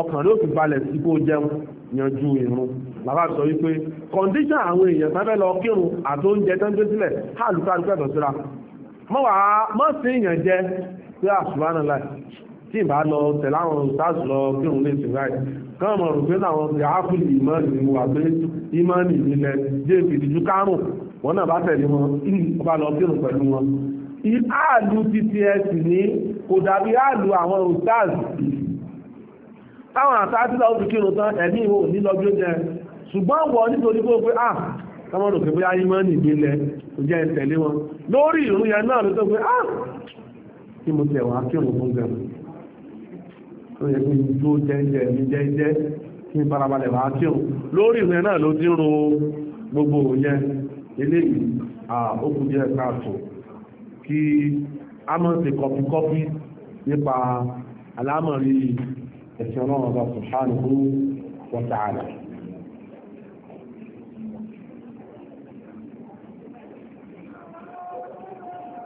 [SPEAKER 1] ọkàn ló fi balẹ̀ sí kó jẹun yanjú irun bàbá sọ wípé kọ̀ǹdíṣàn àwọn èèyàn sábẹ́ lọ kírun àti oúnjẹ tó ń gbé sílẹ̀ hálùkálùkù ẹ̀tọ́ síra mọ́ wà á mọ́ sí èèyàn jẹ pé àṣùbánà ah, láì tí ìbá lọ tẹ̀lé àwọn olùsáàsù lọ kírun lè sí láì kán mọ̀ rò pé àwọn ti àáfù ìmọ̀ọ́nì wà pé ìmọ̀ọ́nì ìlẹ̀ jẹ́ ìfìdíjú kárùn-ún wọ́n náà bá tẹ̀lé wọn ọba lọ kírun pẹ̀lú wọn ààlù tts ní kò dàbí ààlù àwọn ustaz táwọn àtàtìlá ó fi kírun tán ẹ̀mí ìhò nílọ́gbé jẹ ṣùgbọ́n wọ nítorí pé pé à ah! tọmọ rò pé bóyá yímọ́ ní ìgbélẹ̀ kò jẹ́ ìtẹ̀lé wọn lórí ìrún yẹn náà ló tó pé à ah! kí mo tẹ̀ wá kírun fún gẹ̀rù ó yẹ kí n tó jẹ́jẹ́ mi jẹ́jẹ́ kí n farabalẹ̀ wá kírun lórí ìrún yẹn náà ló dín ro gbogbo yẹn eléyìí àókùn jẹ́ káàtò kí a mọ́ sí kọfíkọfí nípa alámọ̀rí ẹ̀sìn ọlọ́run ọba subhanahu wa ta'ala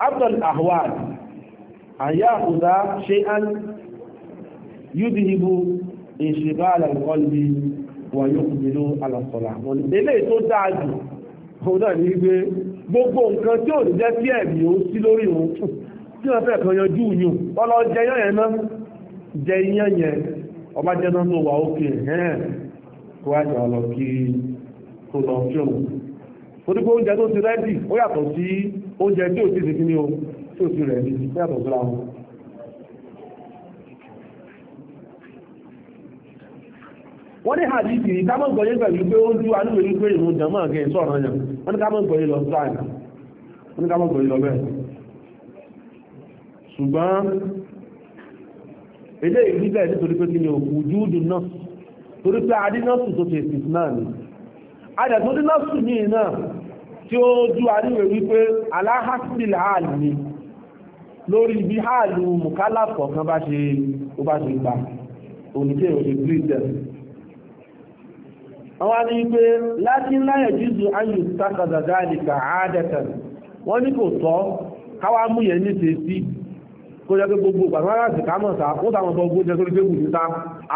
[SPEAKER 1] afdal ahwal an ya'khudha shay'an yudhibu inshighala al-qalbi wa yuqbilu ala as-salah eléyìí tó dáa jù òun ní wípé gbogbo nǹkan tí ò ní jẹ́ kí ẹ̀mí ó sí lórí òun tí wọ́n fẹ́ kan yanjú yùn ọlọ jẹ yán yẹn náà jẹ iyán yẹn ọba jẹ náà ló wà òkè ẹ̀hẹ́n kó wá jà lọ kí kó lọ kí òun onígbó oúnjẹ tó ti rẹ́dì ó yàtọ̀ sí oúnjẹ tí ò ti sì o tí ò ti rẹ̀ ní yàtọ̀ síra wọn wọ́n ní hadithi ní kámọ́ gbọ́yé pẹ̀lú pé ó dúró alúwẹ̀ ní pé ìrùn jẹmọ́ ọ̀gẹ́ sọ̀rọ̀ yẹn wọ́n ní kámọ́ gbọ́yé lọ sáà wọ́n ní kámọ́ gbọ́yé lọ bẹ́ẹ̀ ṣùgbọ́n ilé ìgbígbà ìdí torí pé kí ni òkú júùdù náà torí pé adínọ́sù tó ṣe ìsìn náà ni adẹ̀tún dínọ́sù ní iná tí ó ju alúwẹ̀ wípé aláhásílì hàlì ni lórí ibi hàlù mùkálàfọ̀ kan bá ṣe gbà òní tí èrò ṣe gírísẹ̀ àwọn ni pé láti láyẹ̀ jízu ayù takàdà dáadìkà àádẹ́tẹ̀ wọ́n ní kò tọ́ káwá mú yẹn ní ṣe sí kó jẹ́ pé gbogbo pàtàkì láti kámọ̀ sá ó tàwọn bọ ogójẹ lórí tébù níta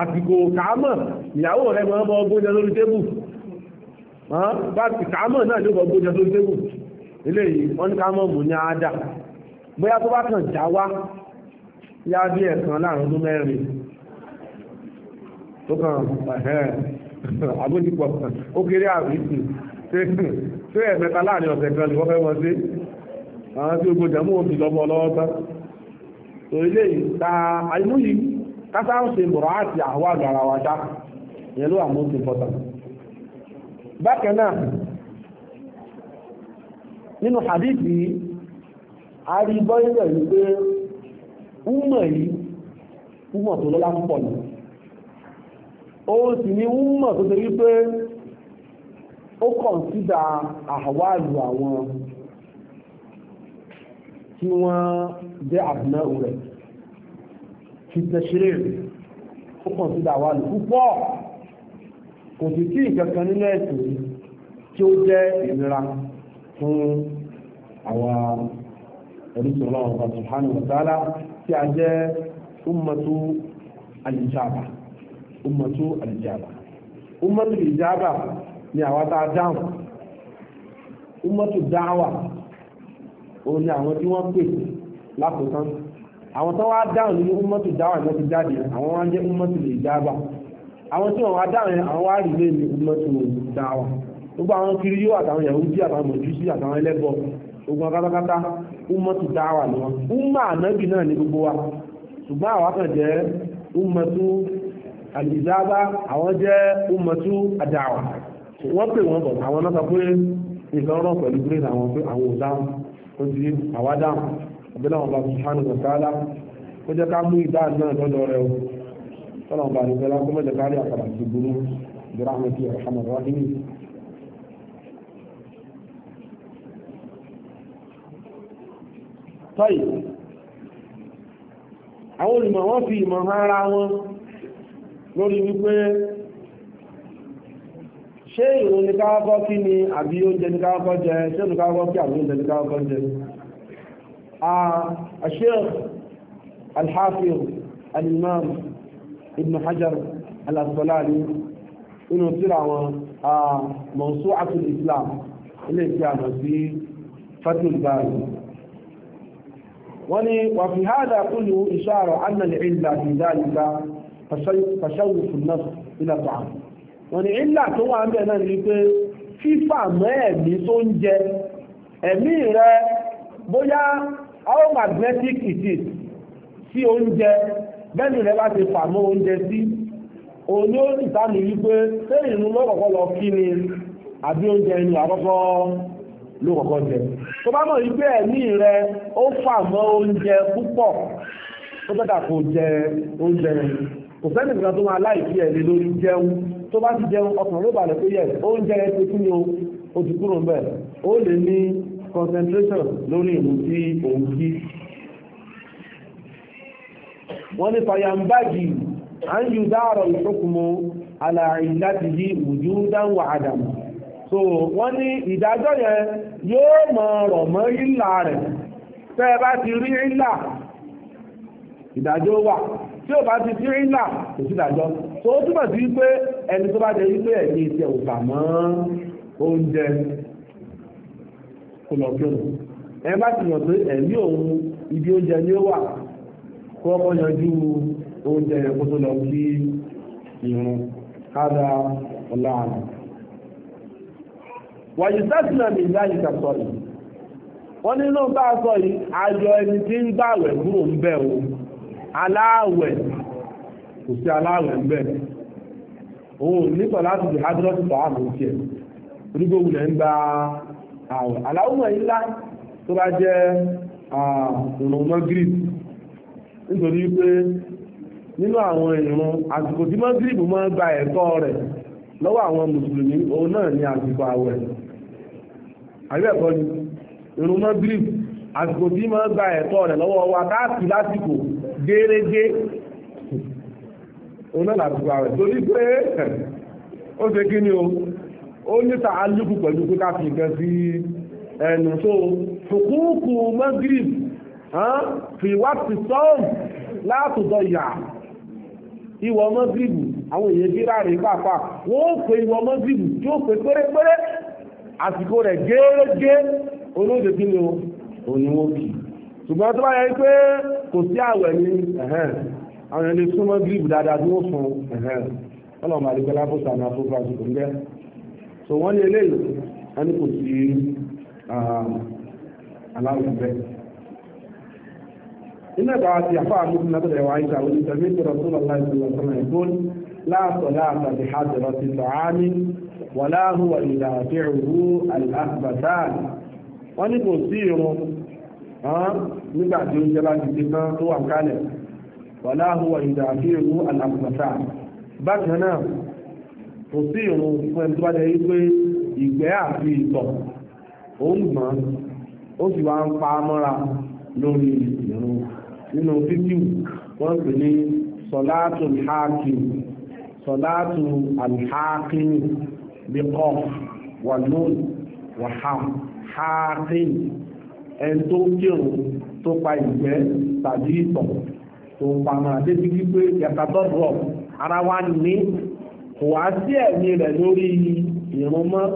[SPEAKER 1] àsìkò kámọ̀ ìyàwó rẹ̀ mọ́ bọ ogójẹ lórí tébù bá ti kámọ̀ náà ló bọ ogójẹ lórí ọdún mẹ́rin tó kàn ẹ̀hẹ́ àbójúpọ̀ ó kéré àríkì tí ẹ̀mẹ́ta láàrin ọ̀sẹ̀ kan lè wọ́n wọ́n sí àwọn tí ogun jẹ̀mú òfin lọ́wọ́ tán tó ilé ń nínú hadithi a bọ́ wípé ń mọ̀ yìí ń tó ó sì ní wúmọ̀ tó torí pé ó kàn sídà àwàlù àwọn tí wọ́n jẹ́ àbúná rẹ̀ fìtẹ̀ṣẹ̀rẹ̀ ó kàn sídà àwàlù púpọ̀ kò sì sí ìkankan nínú ẹ̀sìn tí ó jẹ́ ìnira fún àwọn ẹ̀rùsùn ọlọ́run subhanahu tí a jẹ́ ummatu al-ijaba Umatu alijaba umatu alijaba ni àwa tá a dáhùn ummatu dáwà òun ni àwọn tí wọ́n pè lákòótán àwọn tó wá dáhùn nínú ummatu dáwà ni wọ́n ti jáde àwọn wá ń jẹ́ ummatu alijaba àwọn tí wọ́n wá dáhùn àwọn wá rí lé ní ummatu dáwà gbogbo àwọn kiri yóò àtàwọn yahudi àtàwọn mọ̀júsí àtàwọn ẹlẹ́bọ ogun akátákátá ummatu dáwà ni wọn umma ànábì náà ní gbogbo wa ṣùgbọ́n àwa kàn jẹ́ ummatu alìjábá àwọn jẹ́ umatu adáwà wọ́n pè wọ́n bọ̀ àwọn náà sọ pé nǹkan rọ̀ pẹ̀lú grace àwọn pé àwọn ò dáhùn ó ti àwa dáhùn àbẹ́lẹ̀ wọn bá fi hánù kọ̀ọ̀kálá ó jẹ́ ká mú ìdá náà lọ́dọ̀ rẹ o tọ́lọ̀ bá ní bẹ́lá kó mẹ́jọ kárí àkàrà ti burú ìdúrà àwọn ti ọ̀rọ̀ hàmọ̀ rọ́dí ní. tọ́yì àwọn olùmọ̀ wọn fi ìmọ̀ hàn ara wọn lórí wípé ṣé ìrun ní káwọ́kọ́ kí ni àbí oúnjẹ ní káwọ́kọ́ jẹ ṣé ìrun káwọ́kọ́ kí àbí oúnjẹ ní káwọ́kọ́ jẹ Sheikh Al-Hafiz Al-Imam Ibn Hajar Al-Asqalani inú tíra wọn Mawsu'atul Islam ilé tí a mọ̀ sí Fathul Bari wọ́n ni wà fi hadha kullu ishara anna fàṣàwùfù náà nílà tàà wọ́n ní ìlà tó wà ń bẹ̀ náà ni pé fífà mọ́ ẹ̀mí tó ń jẹ ẹ̀mí rẹ bóyá how magnetic it is sí oúnjẹ bẹ́ẹ̀ni rẹ bá ti fà mọ́ oúnjẹ sí òun ni ó sì sáàmì wípé ṣé ìrún ló kọ́kọ́ lọ kí ni àbí oúnjẹ inú àkọ́kọ́ ló kọ́kọ́ jẹ tó bá mọ̀ wípé ẹ̀mí rẹ ó fà mọ́ oúnjẹ púpọ̀ tó bẹ́ẹ̀ kò jẹ oúnjẹ rẹ kò sẹ́ni ìgbà tó máa láìsí ẹ̀ lé lórí jẹun tó bá ti jẹun ọkùnrin ló balẹ̀ pé yẹ oúnjẹ yẹn ti kúnyọ o kúrò ń bẹ̀ ó lè ní concentration lórí ìlú tí òun kí wọ́n ní fàyàmbájì à ń yù dáàrọ̀ ìṣókùnmọ́ láti yí ìwùjú dáhùn àdàm. so wọ́n ní ìdájọ́ yẹn yóò mọ̀ rọ̀ mọ́ ìlà rẹ̀ tẹ́ bá ti rí ìlà ìdájọ́ wà tí ó bá ti sí rílà kò sí ìdájọ́ tó ó túbọ̀ sí wípé ẹni tó bá jẹ wípé ẹ̀mí ìṣẹ̀ ò bà mọ́ oúnjẹ kò lọ kí òun ẹ bá ti mọ̀ pé ẹ̀mí òun ibi oúnjẹ ni ó wà kó ọkọ̀ yanjú oúnjẹ yẹn kó tó lọ kí ìrun kára ọláàmù wàyí sásìlẹ̀ mi láyé kàtọ́ yìí wọ́n nínú bá a sọ yìí ayọ̀ ẹni tí ń gbàwẹ̀ kúrò ń bẹ̀ òun aláàwẹ̀ kò sí aláàwẹ̀ ń bẹ̀ òun nípa láti di hadrọ́tì tọ́ àmì tiẹ̀ onígbò wulẹ̀ ń gba àwẹ̀ aláwọ̀ ńlá tó bá jẹ́ ìrùn mọ́gírì nítorí pé nínú àwọn ìrùn àsìkò tí mọ́gírì máa gba ẹ̀tọ́ rẹ̀ lọ́wọ́ àwọn mùsùlùmí òun náà ní àsìkò àwẹ̀ àríwẹ̀kọ́ ni ìrùn mọ́gírì àsìkò tí máa gba ẹ̀tọ́ rẹ̀ lọ́wọ́ wa káàkiri lásìkò gẹ́rẹ́gẹ́ onálàdùkú ààrẹ torí pé ó ṣe kí ni o ó ta alúkù pẹ̀lú kó káfí nǹkan sí ẹnu tó fòkúùkù magrib fi wá ti sọ́ọ̀mù látòdọ̀ yà ìwọ̀ magrib àwọn èèyàn gíra rẹ̀ pàápàá wọ́n pe ìwọ̀ magrib tí ó pe pérépéré o òníwó kì ṣùgbọ́n tó bá kò sí àwẹ̀ ní àwọn ẹni súnmọ́ gíríbù dáadáa tí ó fún ọlọ́mọ àdìgbẹ́lá fún sàmì àfúrúfà ṣùgbọ́n jẹ́ so wọ́n ní eléyìí wọ́n ní kò sí aláwọ̀ bẹ́ẹ̀ iná bá ti àfọ́ àmúkú náà tẹ̀lé wa ìta òní tẹ̀lé tó rọ̀ fún ọlá ìṣẹ̀lẹ̀ ọ̀sán ẹ̀ tó láàtọ̀ láàtọ̀ bí hajjọ̀rọ̀ ti sọ̀hání wà láhùwà ìlà àfihàn wọ́n ní kò sí irun nígbà tí ó jẹba ti ti tán tó wà kálẹ̀ wàlá huwa ìdàfíìrú àlàmùsà bákan náà kò sí ìrùn fún ẹni tó bá jẹ́ wípé ìgbẹ́ àti ìtọ̀ ó ń gbọ́n ó sì wá ń pa mọ́ra lórí ìrùn nínú fíkíù wọ́n pè ní sọ̀látù alhakim sọ̀látù alhakim bí kọ́ wà lónìí wà hakim ẹni tó kírun tó pa ìgbẹ́ tàbí ìtọ̀ tó ń pa máa débi wípé yàtàtọ̀ rọ̀ ara wa ní kò wá sí ẹ̀mí rẹ̀ lórí ìrún mọ́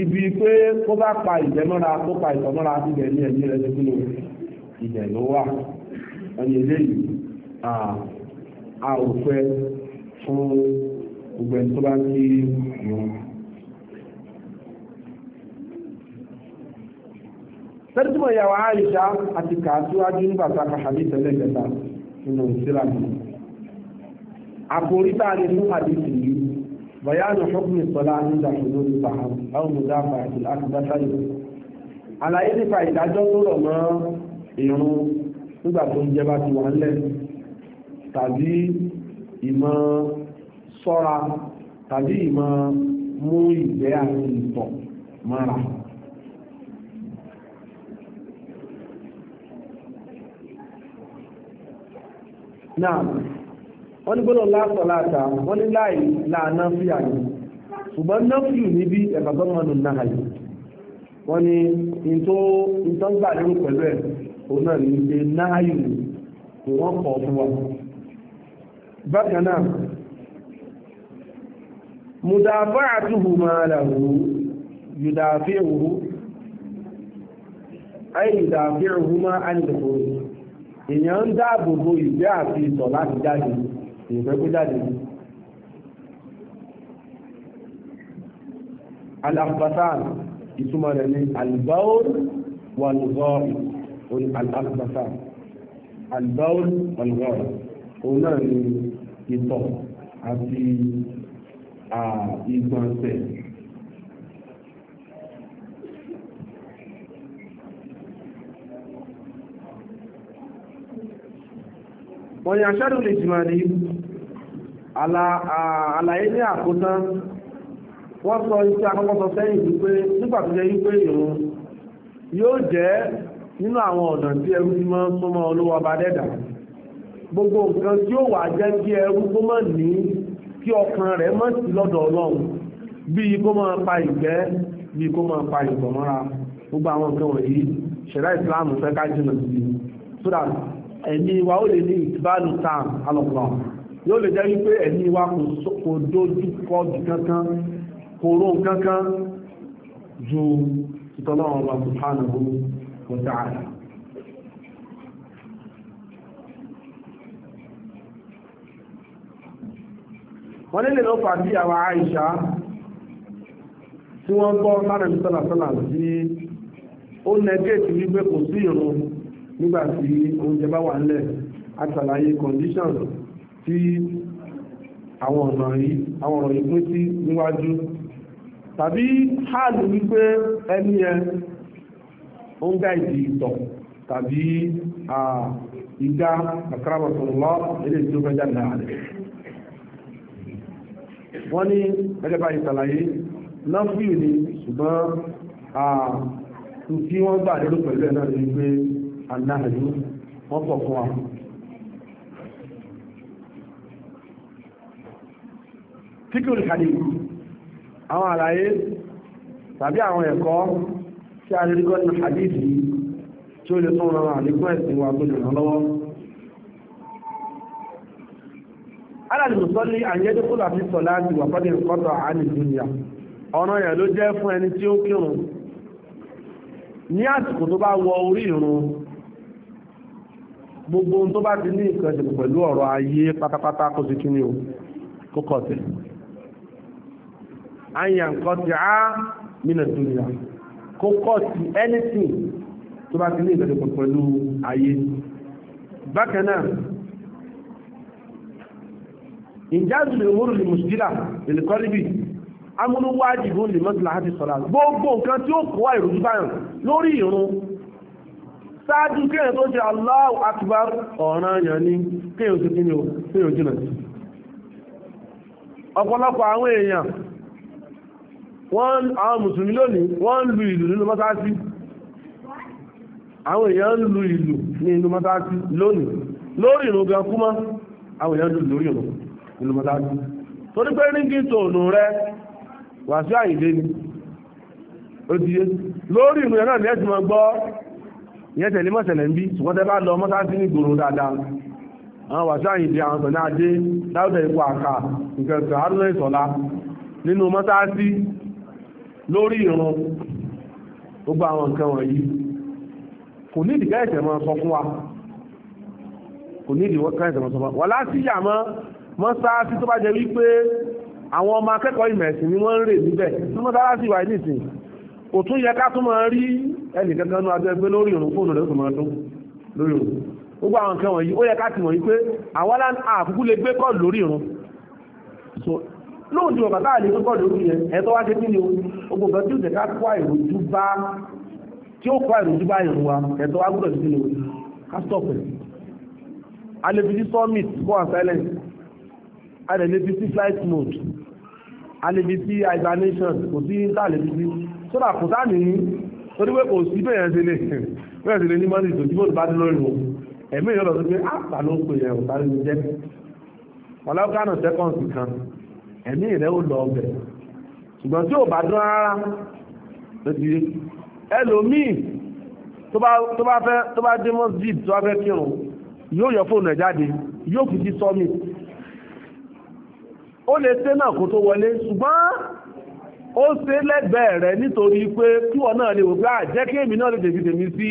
[SPEAKER 1] ibi pé kó bá pa ìgbẹ́ mọ́ra tó pa ìtọ̀ mọ́ra ibẹ̀ ní ẹ̀mí rẹ̀ lókè lò ló wà ẹni eléyìí a ò fẹ́ fún gbogbo ẹni tó bá tẹ́tùmọ̀ ìyàwó àìṣà àti kàásíwájú nígbà tá a kà hàbí tẹ́lẹ̀ kẹta nínú ìsira mi àkórí tá a lè fún àdìsí yìí bayanu hukmi sọlá nígbà tó ní bàá àwọn mùdáfà àti àkùbátàlì àlàyé nípa ìdájọ́ tó rọ̀ mọ́ ìrun nígbà tó ń jẹba ti wà ńlẹ̀ tàbí ìmọ̀ sọ́ra tàbí ìmọ̀ mú ìgbẹ́ àti ìtọ̀ mọ́ra. náà wọ́n ní gbọ́dọ̀ láàpọ̀ láta wọ́n ní láì láàná fi àyè ṣùgbọ́n nọ́fíù níbi ẹ̀fàgbọ́mọ̀nù náà yìí wọ́n ní ìtọ́gbà lérò pẹ̀lú ẹ̀ òun náà ní ṣe náà yìí ni wọ́n kọ̀ fún wa bákan náà mùdàfà àtúhù máa làwù yùdàfẹ́ òhù ayé yùdàfẹ́ òhù máa á èèyàn ń dáàbò bo ìgbé àti ìtọ̀ láti jáde ìfẹ́ kó jáde al-akhbatan ìtumọ̀ rẹ̀ ní al-bawl wal-gha'ib orí al-akhbatan al òun náà ní ìtọ̀ àti ìgbọ̀nsẹ̀ wọ́n ni aṣẹ́rù lè jìmọ̀ rí àlàyé ní àkótán wọ́n sọ iṣẹ́ akọ́kọ́ sọ sẹ́yìn wípé nígbà tó jẹ́ wípé ìrun yóò jẹ́ nínú àwọn ọ̀nà tí ẹrú ti máa ń súnmọ́ olówó ọba dẹ́dà gbogbo nǹkan tí ó wà jẹ́ kí ẹrú kó mọ̀ ní kí ọkàn rẹ̀ mọ̀ sí lọ́dọ̀ ọlọ́run bíi kó máa pa ìgbẹ́ bíi kó máa pa ìgbọ̀mọ́ra gbogbo àwọn nǹkan wọ̀nyí ṣẹ̀dá ìsìláàmù fẹ́ ká jìnnà sí i ẹ̀mí wa ó lè ní ìtìbánu tàn alọ́pàá yóò lè jẹ́ wípé ẹ̀mí wa kò dojú kọ jù kankan kò ró kankan ju ìtọ́lọ́wọ́n wa subhanahu wa ta'ala wọ́n nílè ló fà bí àwọn àìṣà tí wọ́n gbọ́ sára ìsọ́làsọ́là sí ó nẹgẹ́tì wípé kò sí ìrun nígbà tí oúnjẹ bá wà nílẹ̀ àtàlàyé condition tí àwọn ọ̀nà yìí àwọn ọ̀rọ̀ yìí pín sí níwájú tàbí hàlù wípé ẹni ẹ ó ń gáìdì ìtọ̀ tàbí ìdá àkàràbọ̀tọ̀lọ́ ilé tí ó fẹ́ jáde àárẹ̀ wọ́n ní ẹgbẹ́ bá ìtàlàyé lọ́fíì ni ṣùgbọ́n tí wọ́n gbà lérò pẹ̀lú ẹ̀ náà ni pé aláàrí wọ́n pọ̀ fún wa fíkìrì kàdì àwọn àlàyé tàbí àwọn ẹ̀kọ́ tí a lè rí gọ́nà àdìsí tí ó lè tún rọrùn àlékún ẹ̀sìn wa gbọ́dọ̀ rán lọ́wọ́ alàlùmùsọ́lì àyẹ́dẹ́kùn àti sọ̀lá àti wàkọ́dẹ̀ ìkọ́tọ̀ àánìdúnyà ọ̀nà yẹn ló jẹ́ fún ẹni tí ó kírun ní àsìkò tó bá wọ orí ìrun gbogbo ohun tó bá ti ní nǹkan ṣe pẹ̀lú ọ̀rọ̀ ayé pátápátá kó sì kíni o kó kọ̀ tẹ̀. àyàn nǹkan ti á mìíràn tó nìyà kó kọ̀ sí anything tó bá ti ní nǹkan ṣe pẹ̀lú ayé. bákan náà ìjáàzù lè múrù lè mùsùlùmá lè kọ́líbì amúnúwájì ló lè mọ́tò láti sọ̀rọ̀ gbogbo nǹkan tí ó kọ́ àìròjú báyọ̀ lórí ìrún sáájú kéèyàn tó jẹ Allahu Akbar ọ̀ràn àyàn ní kéèyàn tó kíni kéèyàn jìnà sí ọ̀pọ̀lọpọ̀ àwọn èèyàn wọ́n àwọn mùsùlùmí lónìí wọ́n ń lu ìlú nínú mọ́sáàsì àwọn èèyàn ń lu ìlú lónìí lórí ìrùn gan kú mọ́ àwọn èèyàn lù lórí ìyẹn tẹ̀lé mọ́sẹ̀lẹ̀ ń bí ṣùgbọ́n tẹ́ bá lọ mọ́sáàsì ní ìgboro dáadáa àwọn wàṣà àyìndí àwọn sọ̀nà adé láwùjọ ipò àkà nǹkan kan àrùn ìsọ̀lá nínú mọ́sáàsì lórí ìrun gbogbo àwọn nǹkan wọ̀nyí kò ní ìdíkà ẹ̀sẹ̀ mọ́ sọ fún wa kò ní ìdíkà ẹ̀sẹ̀ mọ́ sọ fún wa wà láti yà mọ́ mọ́sáàsì tó bá jẹ wípé àwọn ọmọ akẹ́kọ̀ọ́ ìmẹ̀sìn ni wọ́n ń rè níbẹ̀ ní mọ́sáàsì wà nísìnyí kò yẹ ká tún máa rí ẹnìkankan ní abẹ́ lórí ìrùn fóònù rẹ̀ tó máa tún lórí ìrùn gbogbo àwọn nǹkan wọ̀nyí ó yẹ ká ti mọ̀ wípé àwọn àkúkú lè gbé kọ́ lórí ìrùn so lóòdì ọ̀bà táà lè gbé kọ́ lórí yẹn ẹ̀tọ́ wá ṣe kí ni o gbogbo nǹkan tí ó jẹ́ ká kó àìròjú bá tí ó kó àìròjú bá ìrùn wa ẹ̀tọ́ wá gbọ́dọ̀ sí ni o ká stop ẹ̀ a lè fi summit go and silence a flight mode a hibernation kò sí tá sọ́dà kò sáàmì ní torí pé kò sí bẹ́ẹ̀ ṣe lè bẹ́ẹ̀ ṣe lè ní mọ́nì tó dìbò bá dé lórí wọn ẹ̀mí ìyọ́dọ̀ tó pé àpà ah, ló ń pè yẹn òtá ló jẹ́ ọlọ́kànà sẹ́kọ̀ǹsì kan ẹ̀mí rẹ̀ ó lọ ọbẹ̀ ṣùgbọ́n tí ò bá dún rárá lóbi ẹlòmíì tó bá fẹ́ tó bá dé mọ́sídìí tó bá fẹ́ kírun yóò yọ fóònù ẹ̀ yóò fi ti sọ́mi ó lè sé náà kó tó wọlé ṣùgbọ́n ó ṣe lẹ́gbẹ̀ẹ́ rẹ̀ nítorí pé kí wọ́n náà lè wò pé àjẹ́ ah, kí èmi náà lè tètè tèmi sí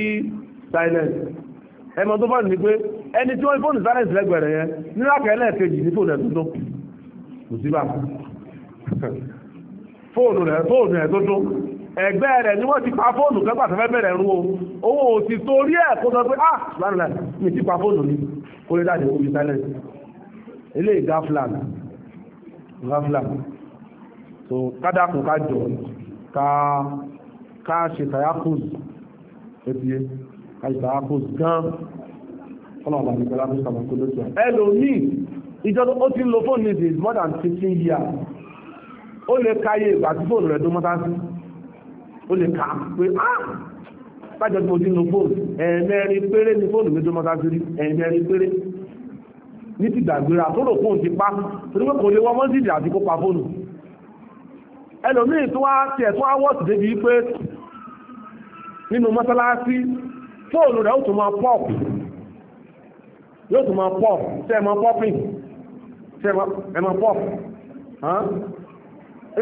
[SPEAKER 1] silence ẹmọ tó fọ́nù ni pé ẹni tí wọ́n fóònù silence lẹ́gbẹ̀ẹ́ rẹ̀ yẹn nílákẹ́ ẹlẹ́ẹ̀kejì ní fóònù ẹ̀ tuntun kò sí bá fóònù ẹ̀ tuntun ẹgbẹ́ rẹ̀ ni wọ́n ti pa fóònù kẹ́gbà tó fẹ́ bẹ̀rẹ̀ rú o owó ò torí ẹ̀ kó pé ah lánàá mi ti pa fóònù mi kó lè dáadé kó silence ilé ìgáflà gáflà so kádàkùn kájọ ká ká ṣe tàyákùs ẹbíye ká ṣe tàyákùs gan ọlọ́ọ̀bà ní pẹ̀lú àbúṣà mọ̀kó lóṣù ẹlòmíì ìjọba ó ti ń lo fóònù ní is more than fifteen years ó lè ka iye ìgbà tí fóònù rẹ̀ dún mọ́tá sí ó lè kà á pé ah bájọ́ tí mo ti ń lo fóònù ẹ̀ẹ̀mẹ́rin péré ni fóònù mi dún mọ́tá sí rí ẹ̀ẹ̀mẹ́rin péré ní ti gbàgbéra tó rò fóònù ti pa torí pé kò lè wọ́n mọ́ sí ìdí àti kó fóònù ẹlòmíì tó wá tiẹ̀ tó wá wọ́ọ̀tì débi pé nínú mọ́sálásí fóònù rẹ̀ ó tún máa pọ́ọ̀pù yóò tún máa pọ́ọ̀pù tẹ́ ẹ máa pọ́ọ̀pìn tẹ́ ẹ máa pọ́ọ̀pù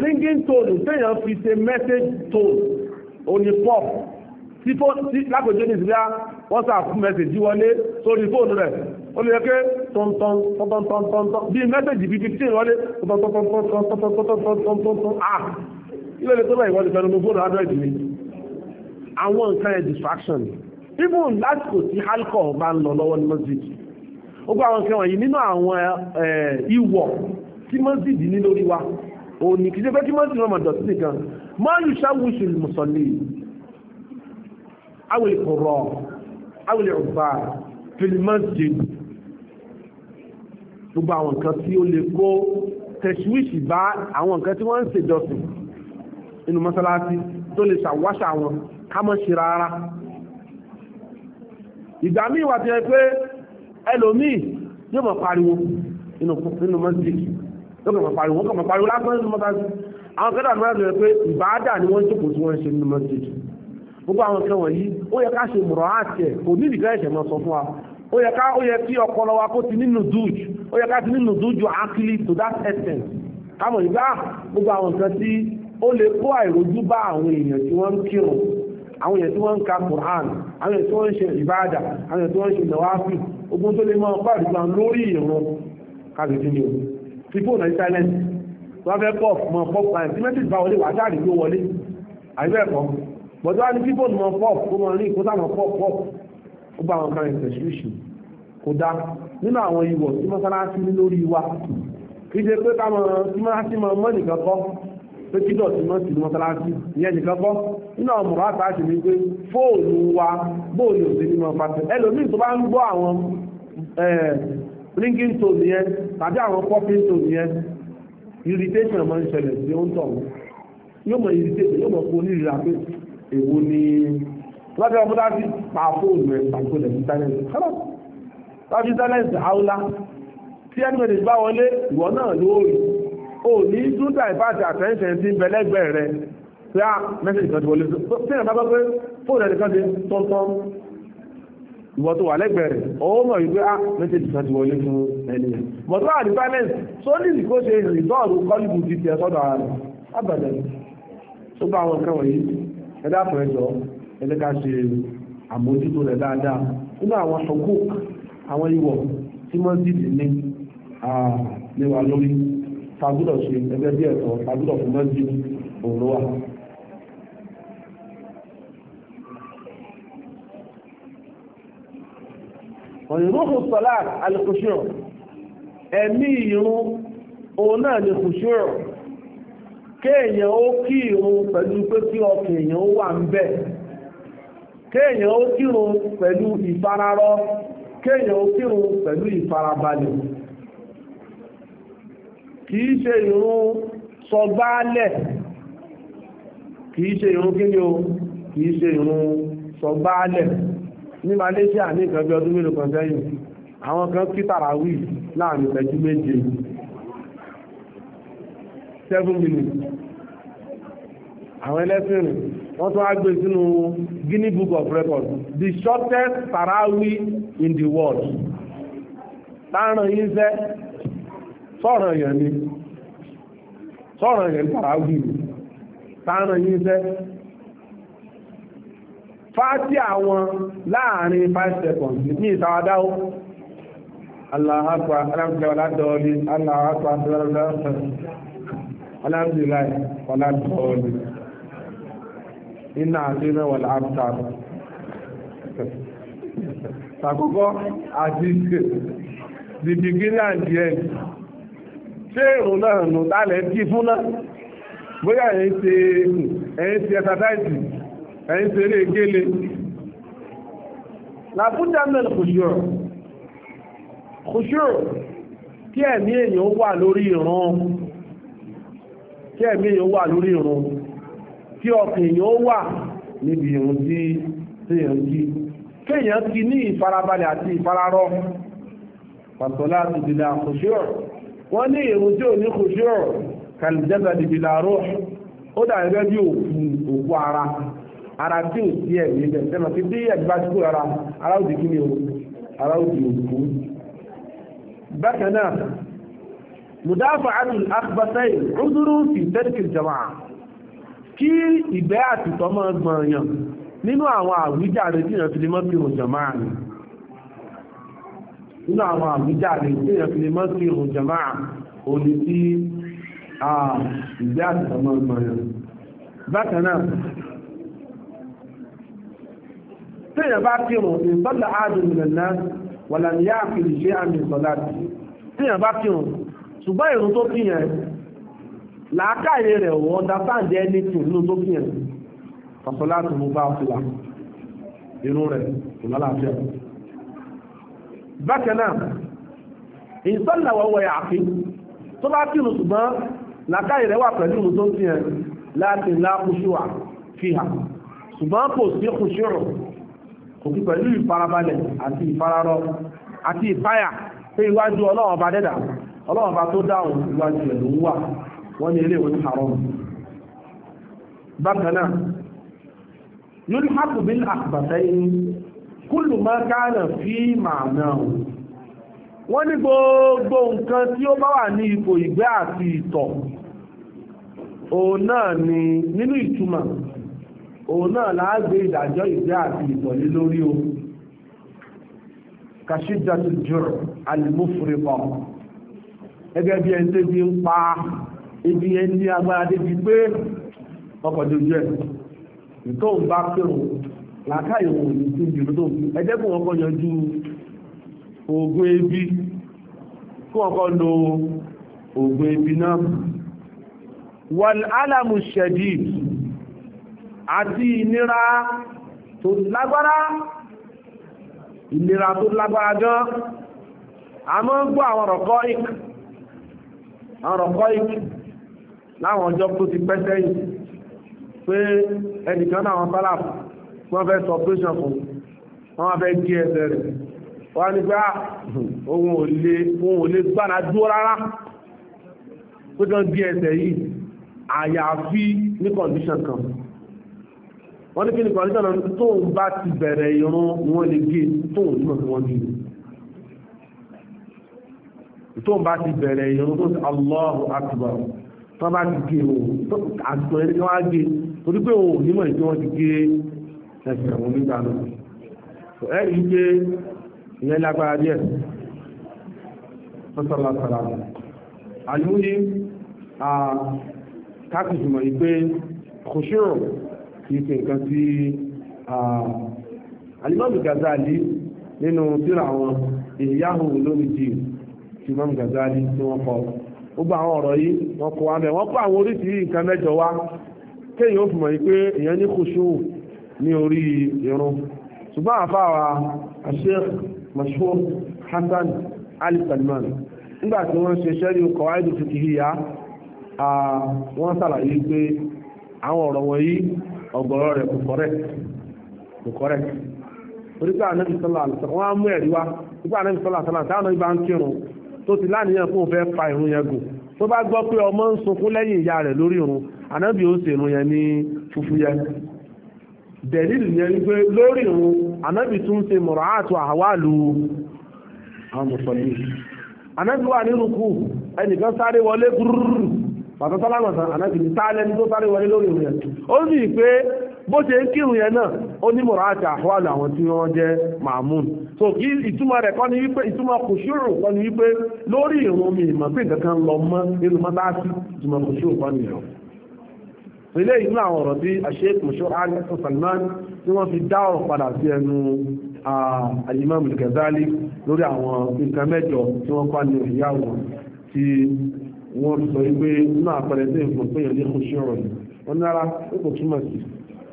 [SPEAKER 1] ringing tone téèyàn fi ṣe message tone òní pọ́ọ̀pù tí lápèjọ́ ní ìsìlẹ̀ wọ́n sàfún message wọlé sórí fóònù rẹ̀ ó lè yẹ pé tọ̀ntọ̀ntọ̀ntọ̀ntọ̀ bí mẹ́sẹ̀jì bíi fifteen wọlé tọ̀ntọ̀ntọ̀ntọ̀ntọ̀ntọ̀ntọ̀ntọ̀ntọ̀ ah ilé ilé tó bá ìwọlé fẹ́ràn lóko rẹ̀ adúlẹ̀ mi àwọn nǹkan yẹn distraction even lásìkò tí alcohol bá ń lọ lọ́wọ́ ní mọ́sídì ó gbọ́ àwọn nǹkan wọ̀nyí nínú àwọn ìwọ̀ tí mọ́sídì ní lórí wa òní kìí ṣe pé kí mọ́sídì náà dọ̀tí nìkan máa ń ṣàwùṣù mùsọ̀lì awèlè kọ̀rọ̀ awèlè ọ̀bà fìlì mọ́sídì gbogbo àwọn nǹkan tí ó lè kó tẹ̀síwìsì bá àwọn nǹkan tí wọ́n ń ṣèjọsìn nínú mọ́sálásí tó lè ṣàwáṣà wọn ká mọ́ ṣe rárá ìgbà míì wà ti ẹ pé ẹlòmíì yóò mọ̀ pariwo nínú mọ́sálásí yóò mọ̀ pariwo wọ́n kàn mọ̀ pariwo lásán nínú mọ́sálásí àwọn kẹ́dà mọ́ rẹ̀ pé ìbáadà ni wọ́n ó yẹ ká ó yẹ kí ọpọlọ wa kó ti nínú dúùjù ó yẹ ká ti nínú dúùjù akili to that extent kámọ̀ nígbà gbogbo àwọn nǹkan tí ó lè kó àìrójú bá àwọn èèyàn tí wọ́n ń kírun àwọn èèyàn tí wọ́n ń ka Quran àwọn èèyàn tí wọ́n ń ṣe ìbáàdà àwọn èèyàn tí wọ́n ń ṣe nàwáfì ogun tó lè máa bá ìdúgbà lórí ìrun kàbìtì ni o ti fóònù ní silence wọ́n fẹ́ pọ̀ mọ̀ pọ̀ pàì tí mẹ́tìrì bá wọlé wàá jáde ló wọlé àìbẹ́ẹ̀kọ́ bọ̀dọ́ wá ní kí fóònù mọ̀ pọ̀ kó mọ̀ rí ìkótà mọ̀ pọ̀ pọ̀ gbogbo àwọn kan ìtẹ̀síwìsì kò dá nínú àwọn ìwọ̀ tí mọ́sálásí ní lórí wa kì í ṣe pé ká máa tí mọ́sálásí máa mọ́ nìkan kọ́ pé kí dọ̀tí mọ́ sí mọ́sálásí ìyẹn nìkan kọ́ nínú àwọn mọ̀rọ̀ àtàṣe ni pé fóònù wa bóòlù òsè ní máa pàṣẹ ẹlòmíì tó bá ń gbọ́ àwọn ringing tone yẹn tàbí àwọn popping tone yẹn irritation máa ń ṣẹlẹ̀ sí ó ń tọ̀ yóò mọ̀ irritation yóò mọ̀ kó onírìíra pé èwo ni lọ́dọ̀ ọmọ láti pa fóònù ẹ̀ pàkó lẹ̀ ìntánẹ́ẹ̀tì kọ́lá láti ìntánẹ́ẹ̀tì àwọlá tí ẹnìmọ̀dé bá wọlé ìwọ náà ló rí o ní dúdà ìbáàtì àtẹ́ǹtẹ̀ tí ń bẹ̀lẹ́gbẹ̀ rẹ pé á mẹ́sẹ̀jì kan ti wọlé tí ẹ̀nà bá gbọ́ pé fóònù ẹnìkan ti tọ́ntọ́n ìwọ tó wà lẹ́gbẹ̀ẹ́ rẹ̀ ó mọ̀ wípé á ah, mẹ́sẹ̀jì kan ti wọlé fún ẹni yẹn bọ̀tọ́ àti balance sólì kó ṣe ìrìtọ́ọ̀rù kọ́lìbù ti tiẹ̀ sọ́dọ̀ ara rẹ̀ ábàdàn tó bá àwọn nǹkan wọ̀nyí ẹ̀dá àpẹẹjọ́ ẹlẹ́ka ṣe àmójútó rẹ̀ dáadáa nínú àwọn ṣọkó àwọn ìwọ̀ tí wọ́n dìde ní àlewà lórí tàbúdọ̀ ṣe ẹgbẹ́ bí ẹ̀tọ́ tàbúdọ̀ fún mọ́jú òun wà. ọ̀yìnrúhù sọ́lá alìkùṣùrù ẹ̀mí ìrún òun náà ni kùṣùrù kéèyàn ó kí ìrún pẹ̀lú pé kí ọkàn èèyàn ó wà ń bẹ́ẹ̀ kéèyàn ó kírun pẹ̀lú ìfararọ́ kéèyàn ó kírun pẹ̀lú ìfarabalẹ̀ kìí ṣe ìrún sọgbálẹ̀ kìí ṣe kí ni ní Malaysia ní nǹkan bí ọdún mélòó kan sẹ́yìn àwọn kan kí tàràwì láàrin méje 7 minutes àwọn ẹlẹ́sìn wọ́n tún á gbé sínú Guinness Book of Records the shortest tarawi in the world láàrin yìí sẹ́ sọ̀rọ̀ yẹn ni sọ̀rọ̀ yẹn tarawi láàrin yìí sẹ́ fáti àwọn láàrin 5 seconds ní ìtawádáwó aláhàpá aláàpá aládọ́ọ̀lì aláhàpá aláàpá aláàpá aláàpá iná àdínà wà láàbùtà àkọ́kọ́ àti the beginning and the end ṣé ìrùn náà nù tálẹ̀ kí fún náà bóyá ẹ̀yìn ṣe ẹ̀yìn ṣe ẹ̀sàtáìsì ẹ̀yìn ṣe eré gélé làbújá mẹ́lì kòṣùrù kòṣùrù kí ẹ̀mí èèyàn wà lórí ìrun kí ẹ̀mí èèyàn wà lórí ìrun kí ọkàn èèyàn ó wà níbi ìrùn tí èèyàn kí kéèyàn kí ní ìfarabalẹ̀ àti ìfararọ pàtọ́lá ti dìlà kòṣíọ̀ wọ́n ní ìrùn tí ò ní kòṣíọ̀ kàlìjẹ́ta dìbìlà rọ̀ ó dà gẹ́gẹ́ bí òkú òkú ara ara tí ò sí ẹ̀ níbẹ̀ sẹ́nà tí bí ẹ̀dìbá tí kò rárá ara ò di kí ni o ara ò di òkú bákan náà mudafa atul akhbatai uduru fi tẹ́tìkì jama'a kí ìbẹ́ àtìtọ́ mọ́ gbọ̀nyàn nínú àwọn àwíjàre tí èèyàn fi lè mọ́ sí òjò máa ní nínú àwọn àwíjàre tí èèyàn fi lè mọ́ sí òjò máa ò ní sí ìbẹ́ àtìtọ́ mọ́ gbọ̀nyàn bákan náà tí èèyàn bá kírun ìsọ́lá ààrùn ìrìnà wà láníyà àfihàn ìṣẹ́ àmì ìsọ́lá tí èèyàn bá kírun ṣùgbọ́n ìrun tó kíyàn làákàyè rẹ̀ wọ́n understand anything nínú tó fi hàn pàṣọ láti mú bá fìlà inú rẹ̀ ìlú aláàfíà bákan náà ìsọ́nàwọ̀ wọ̀ yàáfi tó bá kí ṣùgbọ́n làákàyè rẹ̀ wà pẹ̀lú ìlú tó fi hàn láti ńlá kúṣùwà fi hàn ṣùgbọ́n kò sí kúṣùrù kò sí pẹ̀lú wọ́n ní ilé ìwọ̀n haram bákanáà yóò hapù bí àkùbàtẹ́yìn kúlù máa káàlà fí màánà wọ́n ní gbogbo nǹkan tí ó bá wà ní ipò ìgbẹ́ àti ìtọ̀ òun náà ni nínú ìtumọ̀ òun náà láàgbé ìdájọ́ ìgbẹ́ àti ìtọ̀ lé lórí o kàṣíjà tó jùrọ̀ alìmúfúripọ̀ gẹ́gẹ́ bí ẹni tó ń pa á ibi yẹn ní agbára débi pé ọkọ̀ dojú ẹ̀ tó ń bá pẹ̀rù làákàyè òun ní tí ìjì tó ń ẹ̀dẹ́kùn wọn kọ́ yanjú oògùn ebi kí wọ́n kọ́ lo oògùn ebi náà wal alamu shadid àti ìnira tó lágbára ìnira tó lágbára gan a mọ́ ń gbọ́ àwọn ọ̀rọ̀kọ́ ìk láwọn ọjọ́ tó ti pẹ́ sẹ́yìn pé ẹnìkan náà wọn fálà wọ́n fẹ́ sọ pẹ́sàn fún wọ́n wá fẹ́ gé ẹsẹ̀ rẹ̀ wọ́n ní pé ohun ah, ò lè ohun ò lè gbára dúró rárá pé kí wọ́n gé ẹsẹ̀ yìí àyàfi ní kọ̀ǹdíṣàn kan wọ́n ní kí ni kọ̀ǹdíṣàn náà tóun bá ti bẹ̀rẹ̀ irun ni lè gé tóun náà tí wọ́n gé tóun bá ti bẹ̀rẹ̀ irun tó ti Allahu Akbar tó bá ti gé o àtò ẹni tó wá gé torí pé o nímọ̀ ìpé wọ́n ti gé ẹsẹ̀ wọn nígbà náà ẹ rí i pé ìyẹn lágbára díẹ̀ sọ́sọ́lá sọ́lá àlùmúyí káàkiri jùmọ̀ yìí pé kòṣírò kìí ṣe nǹkan tí alimami Gazali nínú tírà àwọn Ihya Ulumuddin tí imam Gazali tí wọ́n kọ gbogbo àwọn ọ̀rọ̀ yìí wọ́n kó wa mẹ́ nke nke àwọn oríṣiríṣi nǹkan mẹ́jọ wá kéèyàn ó fi mọ̀ pé èèyàn ní kùsù ní irun ṣùgbọ́n àfáwà Hassan Ali Salman nígbà tí wọ́n ṣe ṣẹ́rí ọkọ̀ àìdù fiqhiyya wọ́n ṣàlàyé pé àwọn ọ̀rọ̀ wọ̀nyí ọ̀gọ̀rọ̀ rẹ̀ kò correct á mú ẹ̀rí wá tó bá gbọ́ pé ọmọ ń sunkún lẹ́yìn ìyá rẹ̀ lórí irun ànábì ó ṣèrun yẹn ní fufu yẹn dẹ̀lílì yẹn ni pé lórí irun ànábì tún ṣe mọ̀rọ̀ àtò àwàlù àwọn mùsùlùmí ànábì wà ní rúkú ẹnìkan sáré wọlé gúrúrú pàtó sálámọ̀sán ànábì ní sáálẹ́ni tó sáré wọlé lórí irun yẹn ó sì pé bó ṣe ń kírun yẹn náà ó ní mọ̀rọ̀ àti àhọ́àlù àwọn tí wọ́n jẹ́ so kí ìtumọ̀ rẹ̀ kọ́ wípé ìtumọ̀ kòṣòrò kọ́ ni wípé lórí ìrun ìmọ̀ pé lọ mọ́ nínú mọ́tàásì ìtumọ̀ kòṣòrò kọ́ nìyẹn ilé ìlú àwọn ọ̀rọ̀ Salman tí fi dá ọ̀rọ̀ padà sí ẹnu lórí àwọn nǹkan mẹ́jọ tí wọ́n kọ́ wọn sọ wípé sí ní yìí wọ́n nára ó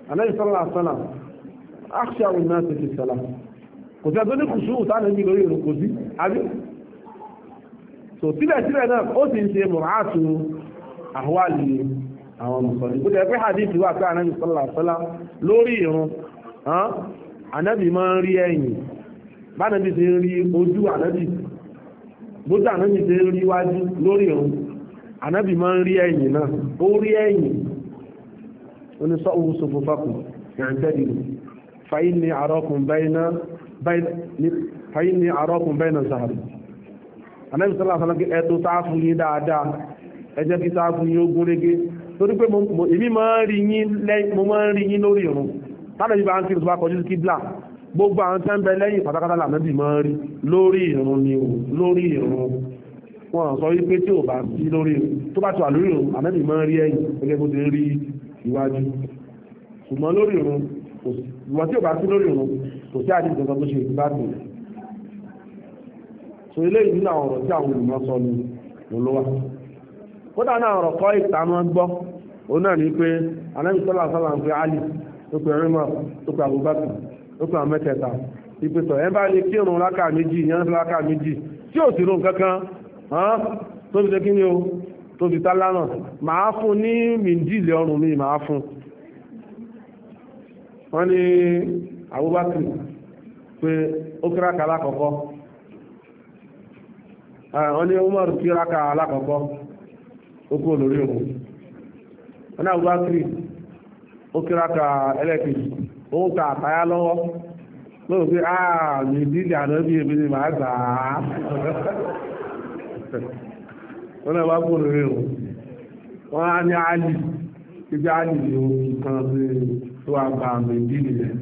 [SPEAKER 1] alayhi sallallahu alaihi wasallam àṣà àwọn náà ti fi sọ́lá kò sí ẹgbẹ́ ní kùsùn táà níbi lórí ìrùn kò so síbẹ̀síbẹ̀ náà ó sì ń ṣe mùràátù àwálì àwọn mùsùlùmí kò tẹ́ pé hadith wà pé anábì sallallahu alaihi wasallam lórí ìrùn anábì máa ń rí ẹ̀yìn bánàbí ti rí ojú anábì gbójú anábì ti rí wájú lórí ìrùn anábì máa ń rí ẹ̀yìn náà ó rí ẹ̀yìn oníṣọ́wò sọfọ́fàkùn ìrìntẹ́dìlú fàyín ní àrọ́kùn bẹ́ẹ̀nà zahari anábi sọ́lá sọ́lọ́kí ẹ̀tọ́ sáàfù yí dáadáa ẹjẹ́ kí sáàfù yí ogun rege torí pé èmi máa ń rí yín lórí ìrun tánàbí bá ń kí ìrùsùpá kọjú sí kíblà gbogbo iwájú ṣùgbọ́n lórí irun ìwọ̀n tí ò bá sí lórí kò sí tó so ọ̀rọ̀ tí àwọn olùmọ̀ ni olówà kódà náà ọ̀rọ̀ kọ́ ìta gbọ́ òun náà ní pé Ali pe rímọ̀ pe Abubakar pe tí ò sí kankan tó fi ṣe o tó fi ma màá fún ní mìndílé ọrùn mi màá fún wọ́n ní Abubakar pé ó kíráka alákọ̀ọ́kọ́ wọ́n ní Umar kíráka alákọ̀ọ́kọ́ ó kú olórí òun wọ́n ní Abubakar ó kíráka ẹlẹ́kejì ka àtayá lọ́wọ́ lóò pé àà mìndílé àná bí ebi ni màá gbà á wọ́n na wá bòrò rẹ̀ o wọ́n á ní àlì ibi àlì ní omi kan tó wà gba àmì ìdí nìyẹn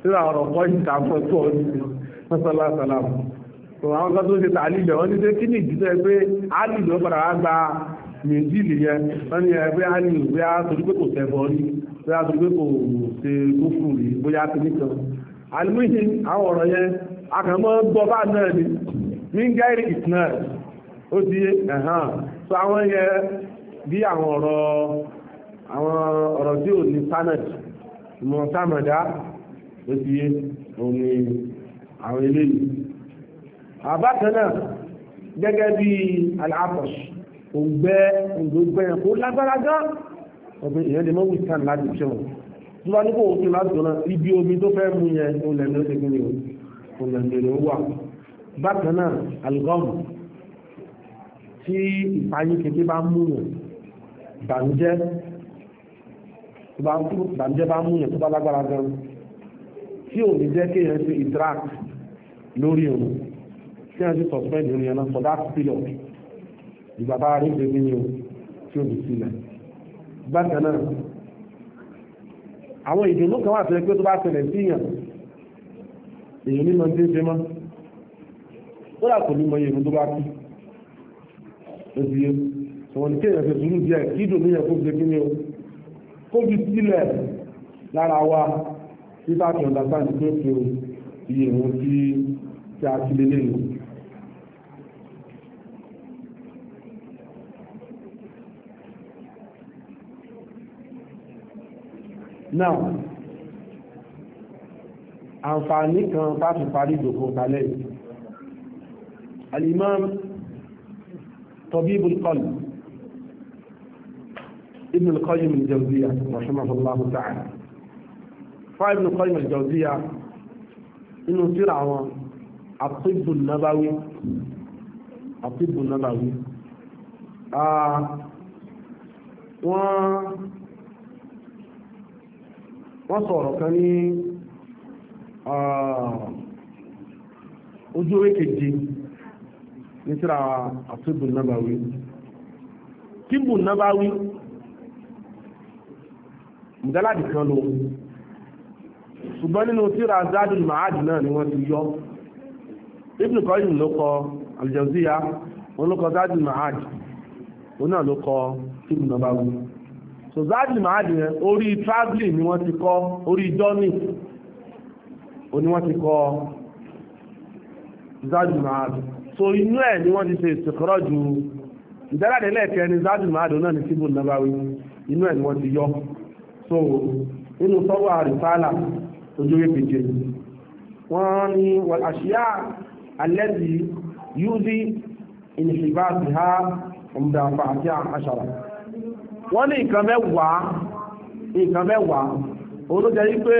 [SPEAKER 1] tí wọ́n ọ̀rọ̀ kọ́ ìta fún tó ọdún ní mọ́sálásálà fún àwọn kan tó ṣe àlì wọ́n kí ni ìdílé pé àlì padà wá gba wọ́n ní ẹgbẹ́ àlì torí pé kò tẹ̀bọ̀ rí torí pé kò ṣe rí bóyá kan ó ti yé ẹ̀hàn so àwọn yẹ bí àwọn ọ̀rọ̀ àwọn ọ̀rọ̀ tí ò ní sanad mọ̀ sàmàdá ó ti yé òun ni àwọn eléyìí àbákan náà gẹ́gẹ́ bí aláàpọ̀ṣ òǹgbẹ́ òǹgbẹ́ kó lágbára gan ọ̀gbìn ìyẹn lè mọ́ wìtán láti fi hàn tí wọ́n ní kó òfin láti ọ̀nà ibi omi tó fẹ́ mú yẹn òun lẹ́nu ó ti gbìn ní òun lẹ́nu ó wà bákan náà algọ́mù tí ìfàyè kékeré bá mú yàn ìbànújẹ́ ìbànújẹ́ bá mú yàn tó bá lágbára gan tí ò ní jẹ́ kéèyàn ṣe interact lórí òun tí wọ́n ti suspend ìrìn ẹ̀nà for that period ìgbà bá rí bèbí ni o tí ó bì sílẹ̀ bákan náà àwọn ìdùnnú kan wà tó yẹ pé tó bá ṣẹlẹ̀ sí yàn èyí ní mọ̀ ní ṣe mọ́ ó dà kò ní mọ iye tó bá kú lóbi yé wọn ní kéèyàn ṣe sùúrù díẹ̀ kí ìdùnnú yẹn kó fi kí ni o kó fi sílẹ̀ lára wa títà kí ọ̀dà sáà ní pé pé o iye wọn tí tí a ti lé lẹ́yìn. now àǹfààní kan bá fi parí ìdòkò kalẹ̀ yìí alimami طبيب القلب ابن القيم الجوزية رحمه الله تعالى فابن القيم الجوزية إنه ترعى الطب النبوي الطب النبوي آه و وصار كان آه ojú orí nítorí àtúbù nábàwí tíbù nábàwí mùdáládì kan ló ṣùgbọ́n nínú tíra zadul ma'ad náà ni wọ́n ti yọ Ibn Qayyim ló kọ al-Jawziyya wọn ló kọ zadul ma'ad wọn náà ló kọ tíbù nábàwí so zadul ma'ad yẹn orí traveling ni wọ́n ti kọ orí journey oní wọ́n ti kọ zadul ma'ad so inú ẹ̀ ni wọ́n ti ṣe ìsìnkọ́rọ̀ ju ìdáradì lẹ́ẹ̀kẹrin zádùn náà ní síbùn nàbáwí inú ẹ̀ ni wọ́n ti yọ so inú sọ́wọ́ àrífàlà ojú ewé keje wọ́n ní àṣìyá yúzi ha ọmọdé àfà àti àṣàrà wọ́n ní nǹkan mẹ́wàá nǹkan mẹ́wàá pé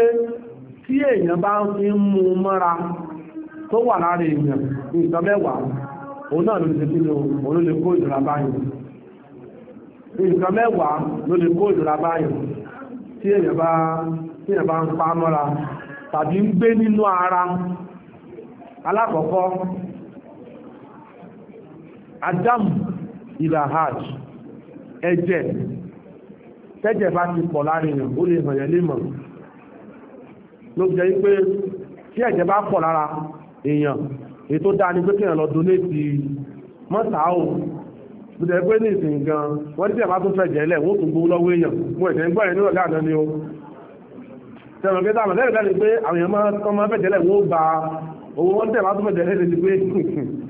[SPEAKER 1] tí èèyàn bá nǹkan mẹ́wàá òun náà ló lè ṣe kíni òun ló lè kó ìdúrà báyìí nǹkan mẹ́wàá ló lè kó ìdúrà báyìí tí èèyàn bá tí èèyàn bá ń pa mọ́ra tàbí ń gbé nínú ara alákọ̀ọ́kọ́ adam ilahaj ẹ̀jẹ̀ tẹ́jẹ̀ bá ti pọ̀ lára èèyàn ó lè hàn yẹn lè mọ̀ ló jẹ́ pé tí ẹ̀jẹ̀ bá pọ̀ lára èèyàn èyí tó dáa ni pé kéèyàn lọ donate mọ́ta o bí tẹ̀ pé ní ìsìn gan wọ́n tí ẹ̀bá tó fẹ́ jẹ́lẹ̀ wọ́n tún gbówó lọ́wọ́ èèyàn mo ẹ̀jẹ̀ ń gbọ́ ẹ̀yìn níwọ̀n gáàdán ni o tẹ̀wọ̀n pé táwọn lẹ́yìn lẹ́yìn pé àwọn èèyàn máa tọ́ máa fẹ́ jẹ́lẹ̀ wọ́n gba owó wọ́n tẹ̀ bá tó fẹ́ jẹ́lẹ̀ lè ti pé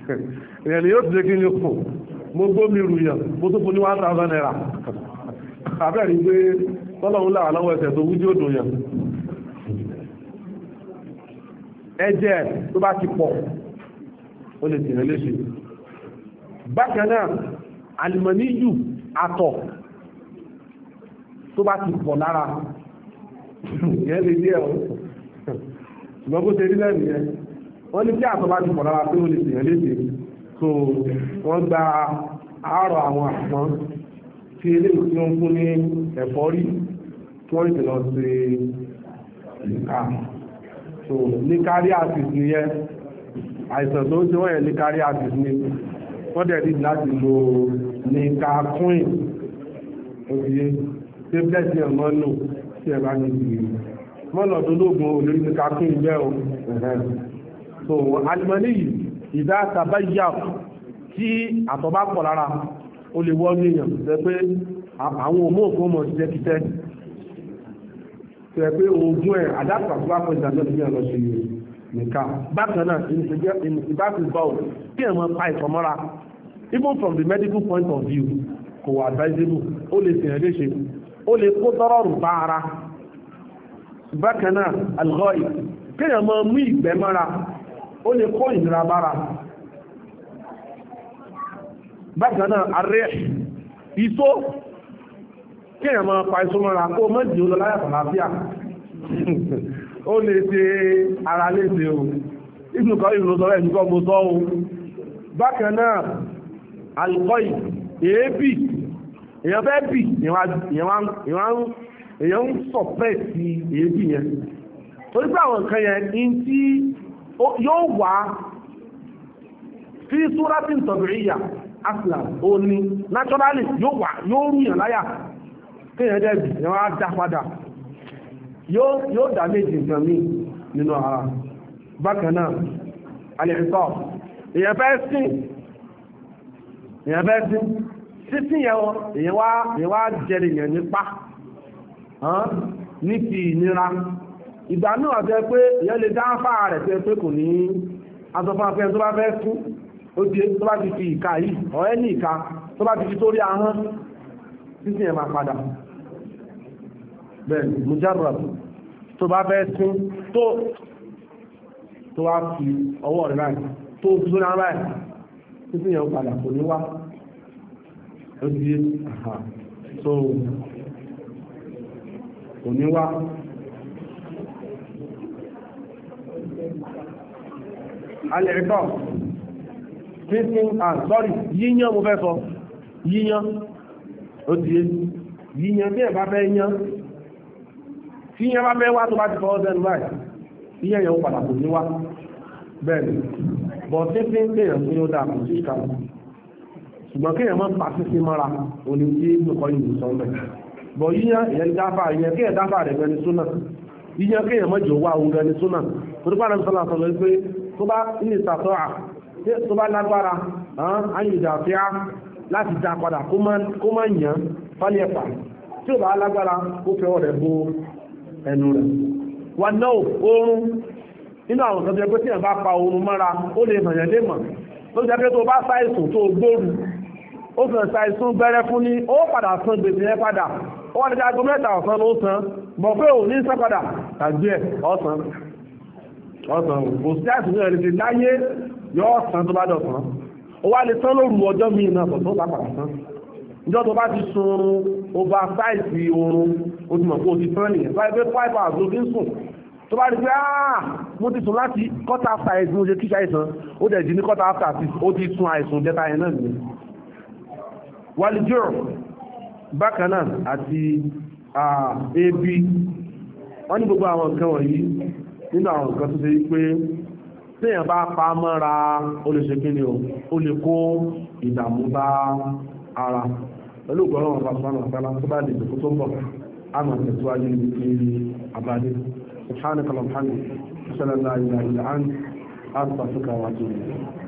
[SPEAKER 1] <laughs> èèyàn ni yóò ti kí ni kù mo gbó mi rù yàn mo tó fún ní one thousand naira àbẹ́rẹ́ pé tọ́lọ́run làwọn lọ́wọ́ ẹsẹ̀ tó wújú òdò yàn ẹ̀jẹ̀ tó bá ti pọ̀ ó lè tìrẹ léṣe bákan náà alìmọ̀níyù àtọ̀ tó bá ti pọ̀ lára yẹn lè díẹ̀ o ṣùgbọ́n bó ṣe rí lẹ́nu yẹn wọ́n ní kí àtọ̀ bá ti pọ̀ lára pé ó lè tìrẹ léṣe so wọ́n gba àárọ̀ àwọn àpọ́n tí eléyìí tí wọ́n fún ní ẹ̀fọ́rí tí wọ́n ìtìlọ sí nìka so nìka rí àtìsí yẹn àìsàn tó ń ṣe wọ́n yẹn ní kárí àti ní wọ́n dẹ̀ ní láti lo ní kakuin òbíye tí bẹ́ẹ̀ tí ẹ̀ mọ́ nù tí ẹ̀ bá ní ìgbìyànjú mọ́nà tó lóògùn olórí ní kakuin bẹ́ẹ̀ o so alimọ́ní yìí ìdá tàbáyà tí àtọ̀bá pọ̀ lára ó lè wọ́n níyàn jẹ́ pé àwọn òmóòkú ọmọ ti jẹ́ kíkẹ́ ìgbìyànjú lọ yìí nìkan bákan náà ìbáṣin bá ò kí ẹ̀ máa pa ìfọ̀mọ́ra even from the medical point of view kò wà advisable ó lè sèyàn léṣe ó lè kó dọ́rọ̀rù bá ara bákan náà alghoi kí ẹ̀ máa mú ìgbẹ́ mọ́ra ó lè kó ìnira bára bákan náà arẹ́ ìtó kí ẹ̀ máa pa ìsọmọ́ra kó mọ́ jù ú lọ láyàtọ̀ láfíà <laughs> ó lè ṣe ara léṣe o ìgbùnkọ́ ìrùlọ́sọ̀rọ̀ ẹ̀nìkọ́ mo sọ o bákan náà alkọ́ì èébì èyàn fẹ́ bì èyàn ń èébì yẹn torí pé àwọn nǹkan yẹn ní tí yóò wá fi aslam naturally yóò wá yóò rú yàn láyà kéèyàn dẹ́bì dá padà yóò dá méjì nǹkan mí nínú ara bákan náà alẹ́sọ́ èyàn fẹ́ sí èyàn fẹ́ sí sísí yẹn wọn èyàn wá èyàn wá jẹrìí yẹn nípa ní ti ìnira ìgbà náà jẹ́ pé èyàn lè dá fáà rẹ̀ pé pé kò ní asọ́fáfẹ́ tó bá fẹ́ sún ó di tó bá ti fi ìka yìí ọ̀rẹ́ ní ìka tó bá ti fi tó rí ahọ́n sísí yẹn máa padà bẹ́ẹ̀ mujarrab tó bá fẹ́ sín tó tó wá fi ọwọ́ rẹ̀ láì tó tó náà láì tó sì yàn padà kò ní wá ó ti yé so kò ní wá alẹ́ ẹ̀kọ́ thinking and ah, yíyan mo fẹ́ sọ yíyan ó ti yé yíyan bí ẹ̀ bá fẹ́ yán tí yẹn bá fẹ́ wá tó bá ti fọwọ́ sẹ́nu báyìí iye yẹn ó padà kò ní wá bẹ́ẹ̀ni bọ̀ títí ń kéèyàn tí ó dáa kò sí ìka ṣùgbọ́n kéèyàn máa ń pa títí mọ́ra òní tí nìkan yìí sọ mẹ́ bọ̀ yíyan ìyẹn dáfà ìyẹn kéèyàn dáfà rẹ̀ gẹni súnà yíyan kéèyàn mọ́jọ wá òun gẹni súnà torí pàdé sọlá sọ lọ pé tó bá ní ìsàtọ́ à tó bá lágbára àyè láti dá padà kó má yàn fálẹ̀ pa tí ò bá lágbára ó fẹ́ ọ̀rẹ́ bo ẹnu rẹ̀ wà náà oorun nínú àwọn kan tó yẹ pé tí ìyàmbá pa oorun mọ́ra ó lè mọ̀ yẹn lè mọ̀ ló jẹ́ pé tó bá ṣàìsùn tó gbóòrù ó fẹ́ ṣàìsùn gbẹ́rẹ́ fún ní ó padà san gbèsè yẹn padà ó wà nígbà aago mẹ́ta ọ̀sán ló san mọ̀ pé òun ní sán padà tàbí ẹ̀ ọ̀sán ọ̀sán kò sí àìsùn rẹ̀ lè láyé yọ ọ̀sán tó bá dọ̀sán ó wà lè san lóru ọjọ́ míì náà bọ̀ tó bá padà ìjọ tó bá ti sun oorun over size oorun o ti ti tán nìyẹn báyìí pé five hours ló fi ń sùn tó bá rí pé áà ah, mo ti sùn láti quarter after eight mo ṣe kíṣà àìsàn ó dẹ̀ jí ní quarter after six ó ti sun àìsùn jẹta yẹn náà nìyẹn wàlíjọ́rọ̀ bákan náà àti ebi wọ́n ní gbogbo àwọn nǹkan wọ̀nyí nínú àwọn nǹkan tó ṣe pé tíyàn bá pa mọ́ra ó lè ṣe kí ni ó lè kó ìdààmú bá ara pẹ̀lú ìgbọ́nà wọn fàfàánà fàfàánà tó bá lè dùkú tó bọ̀ a máa tẹ̀síwájú ní ìlú àbádé subhanahu wa ta'ala subhanahu wa ta'ala subhanahu wa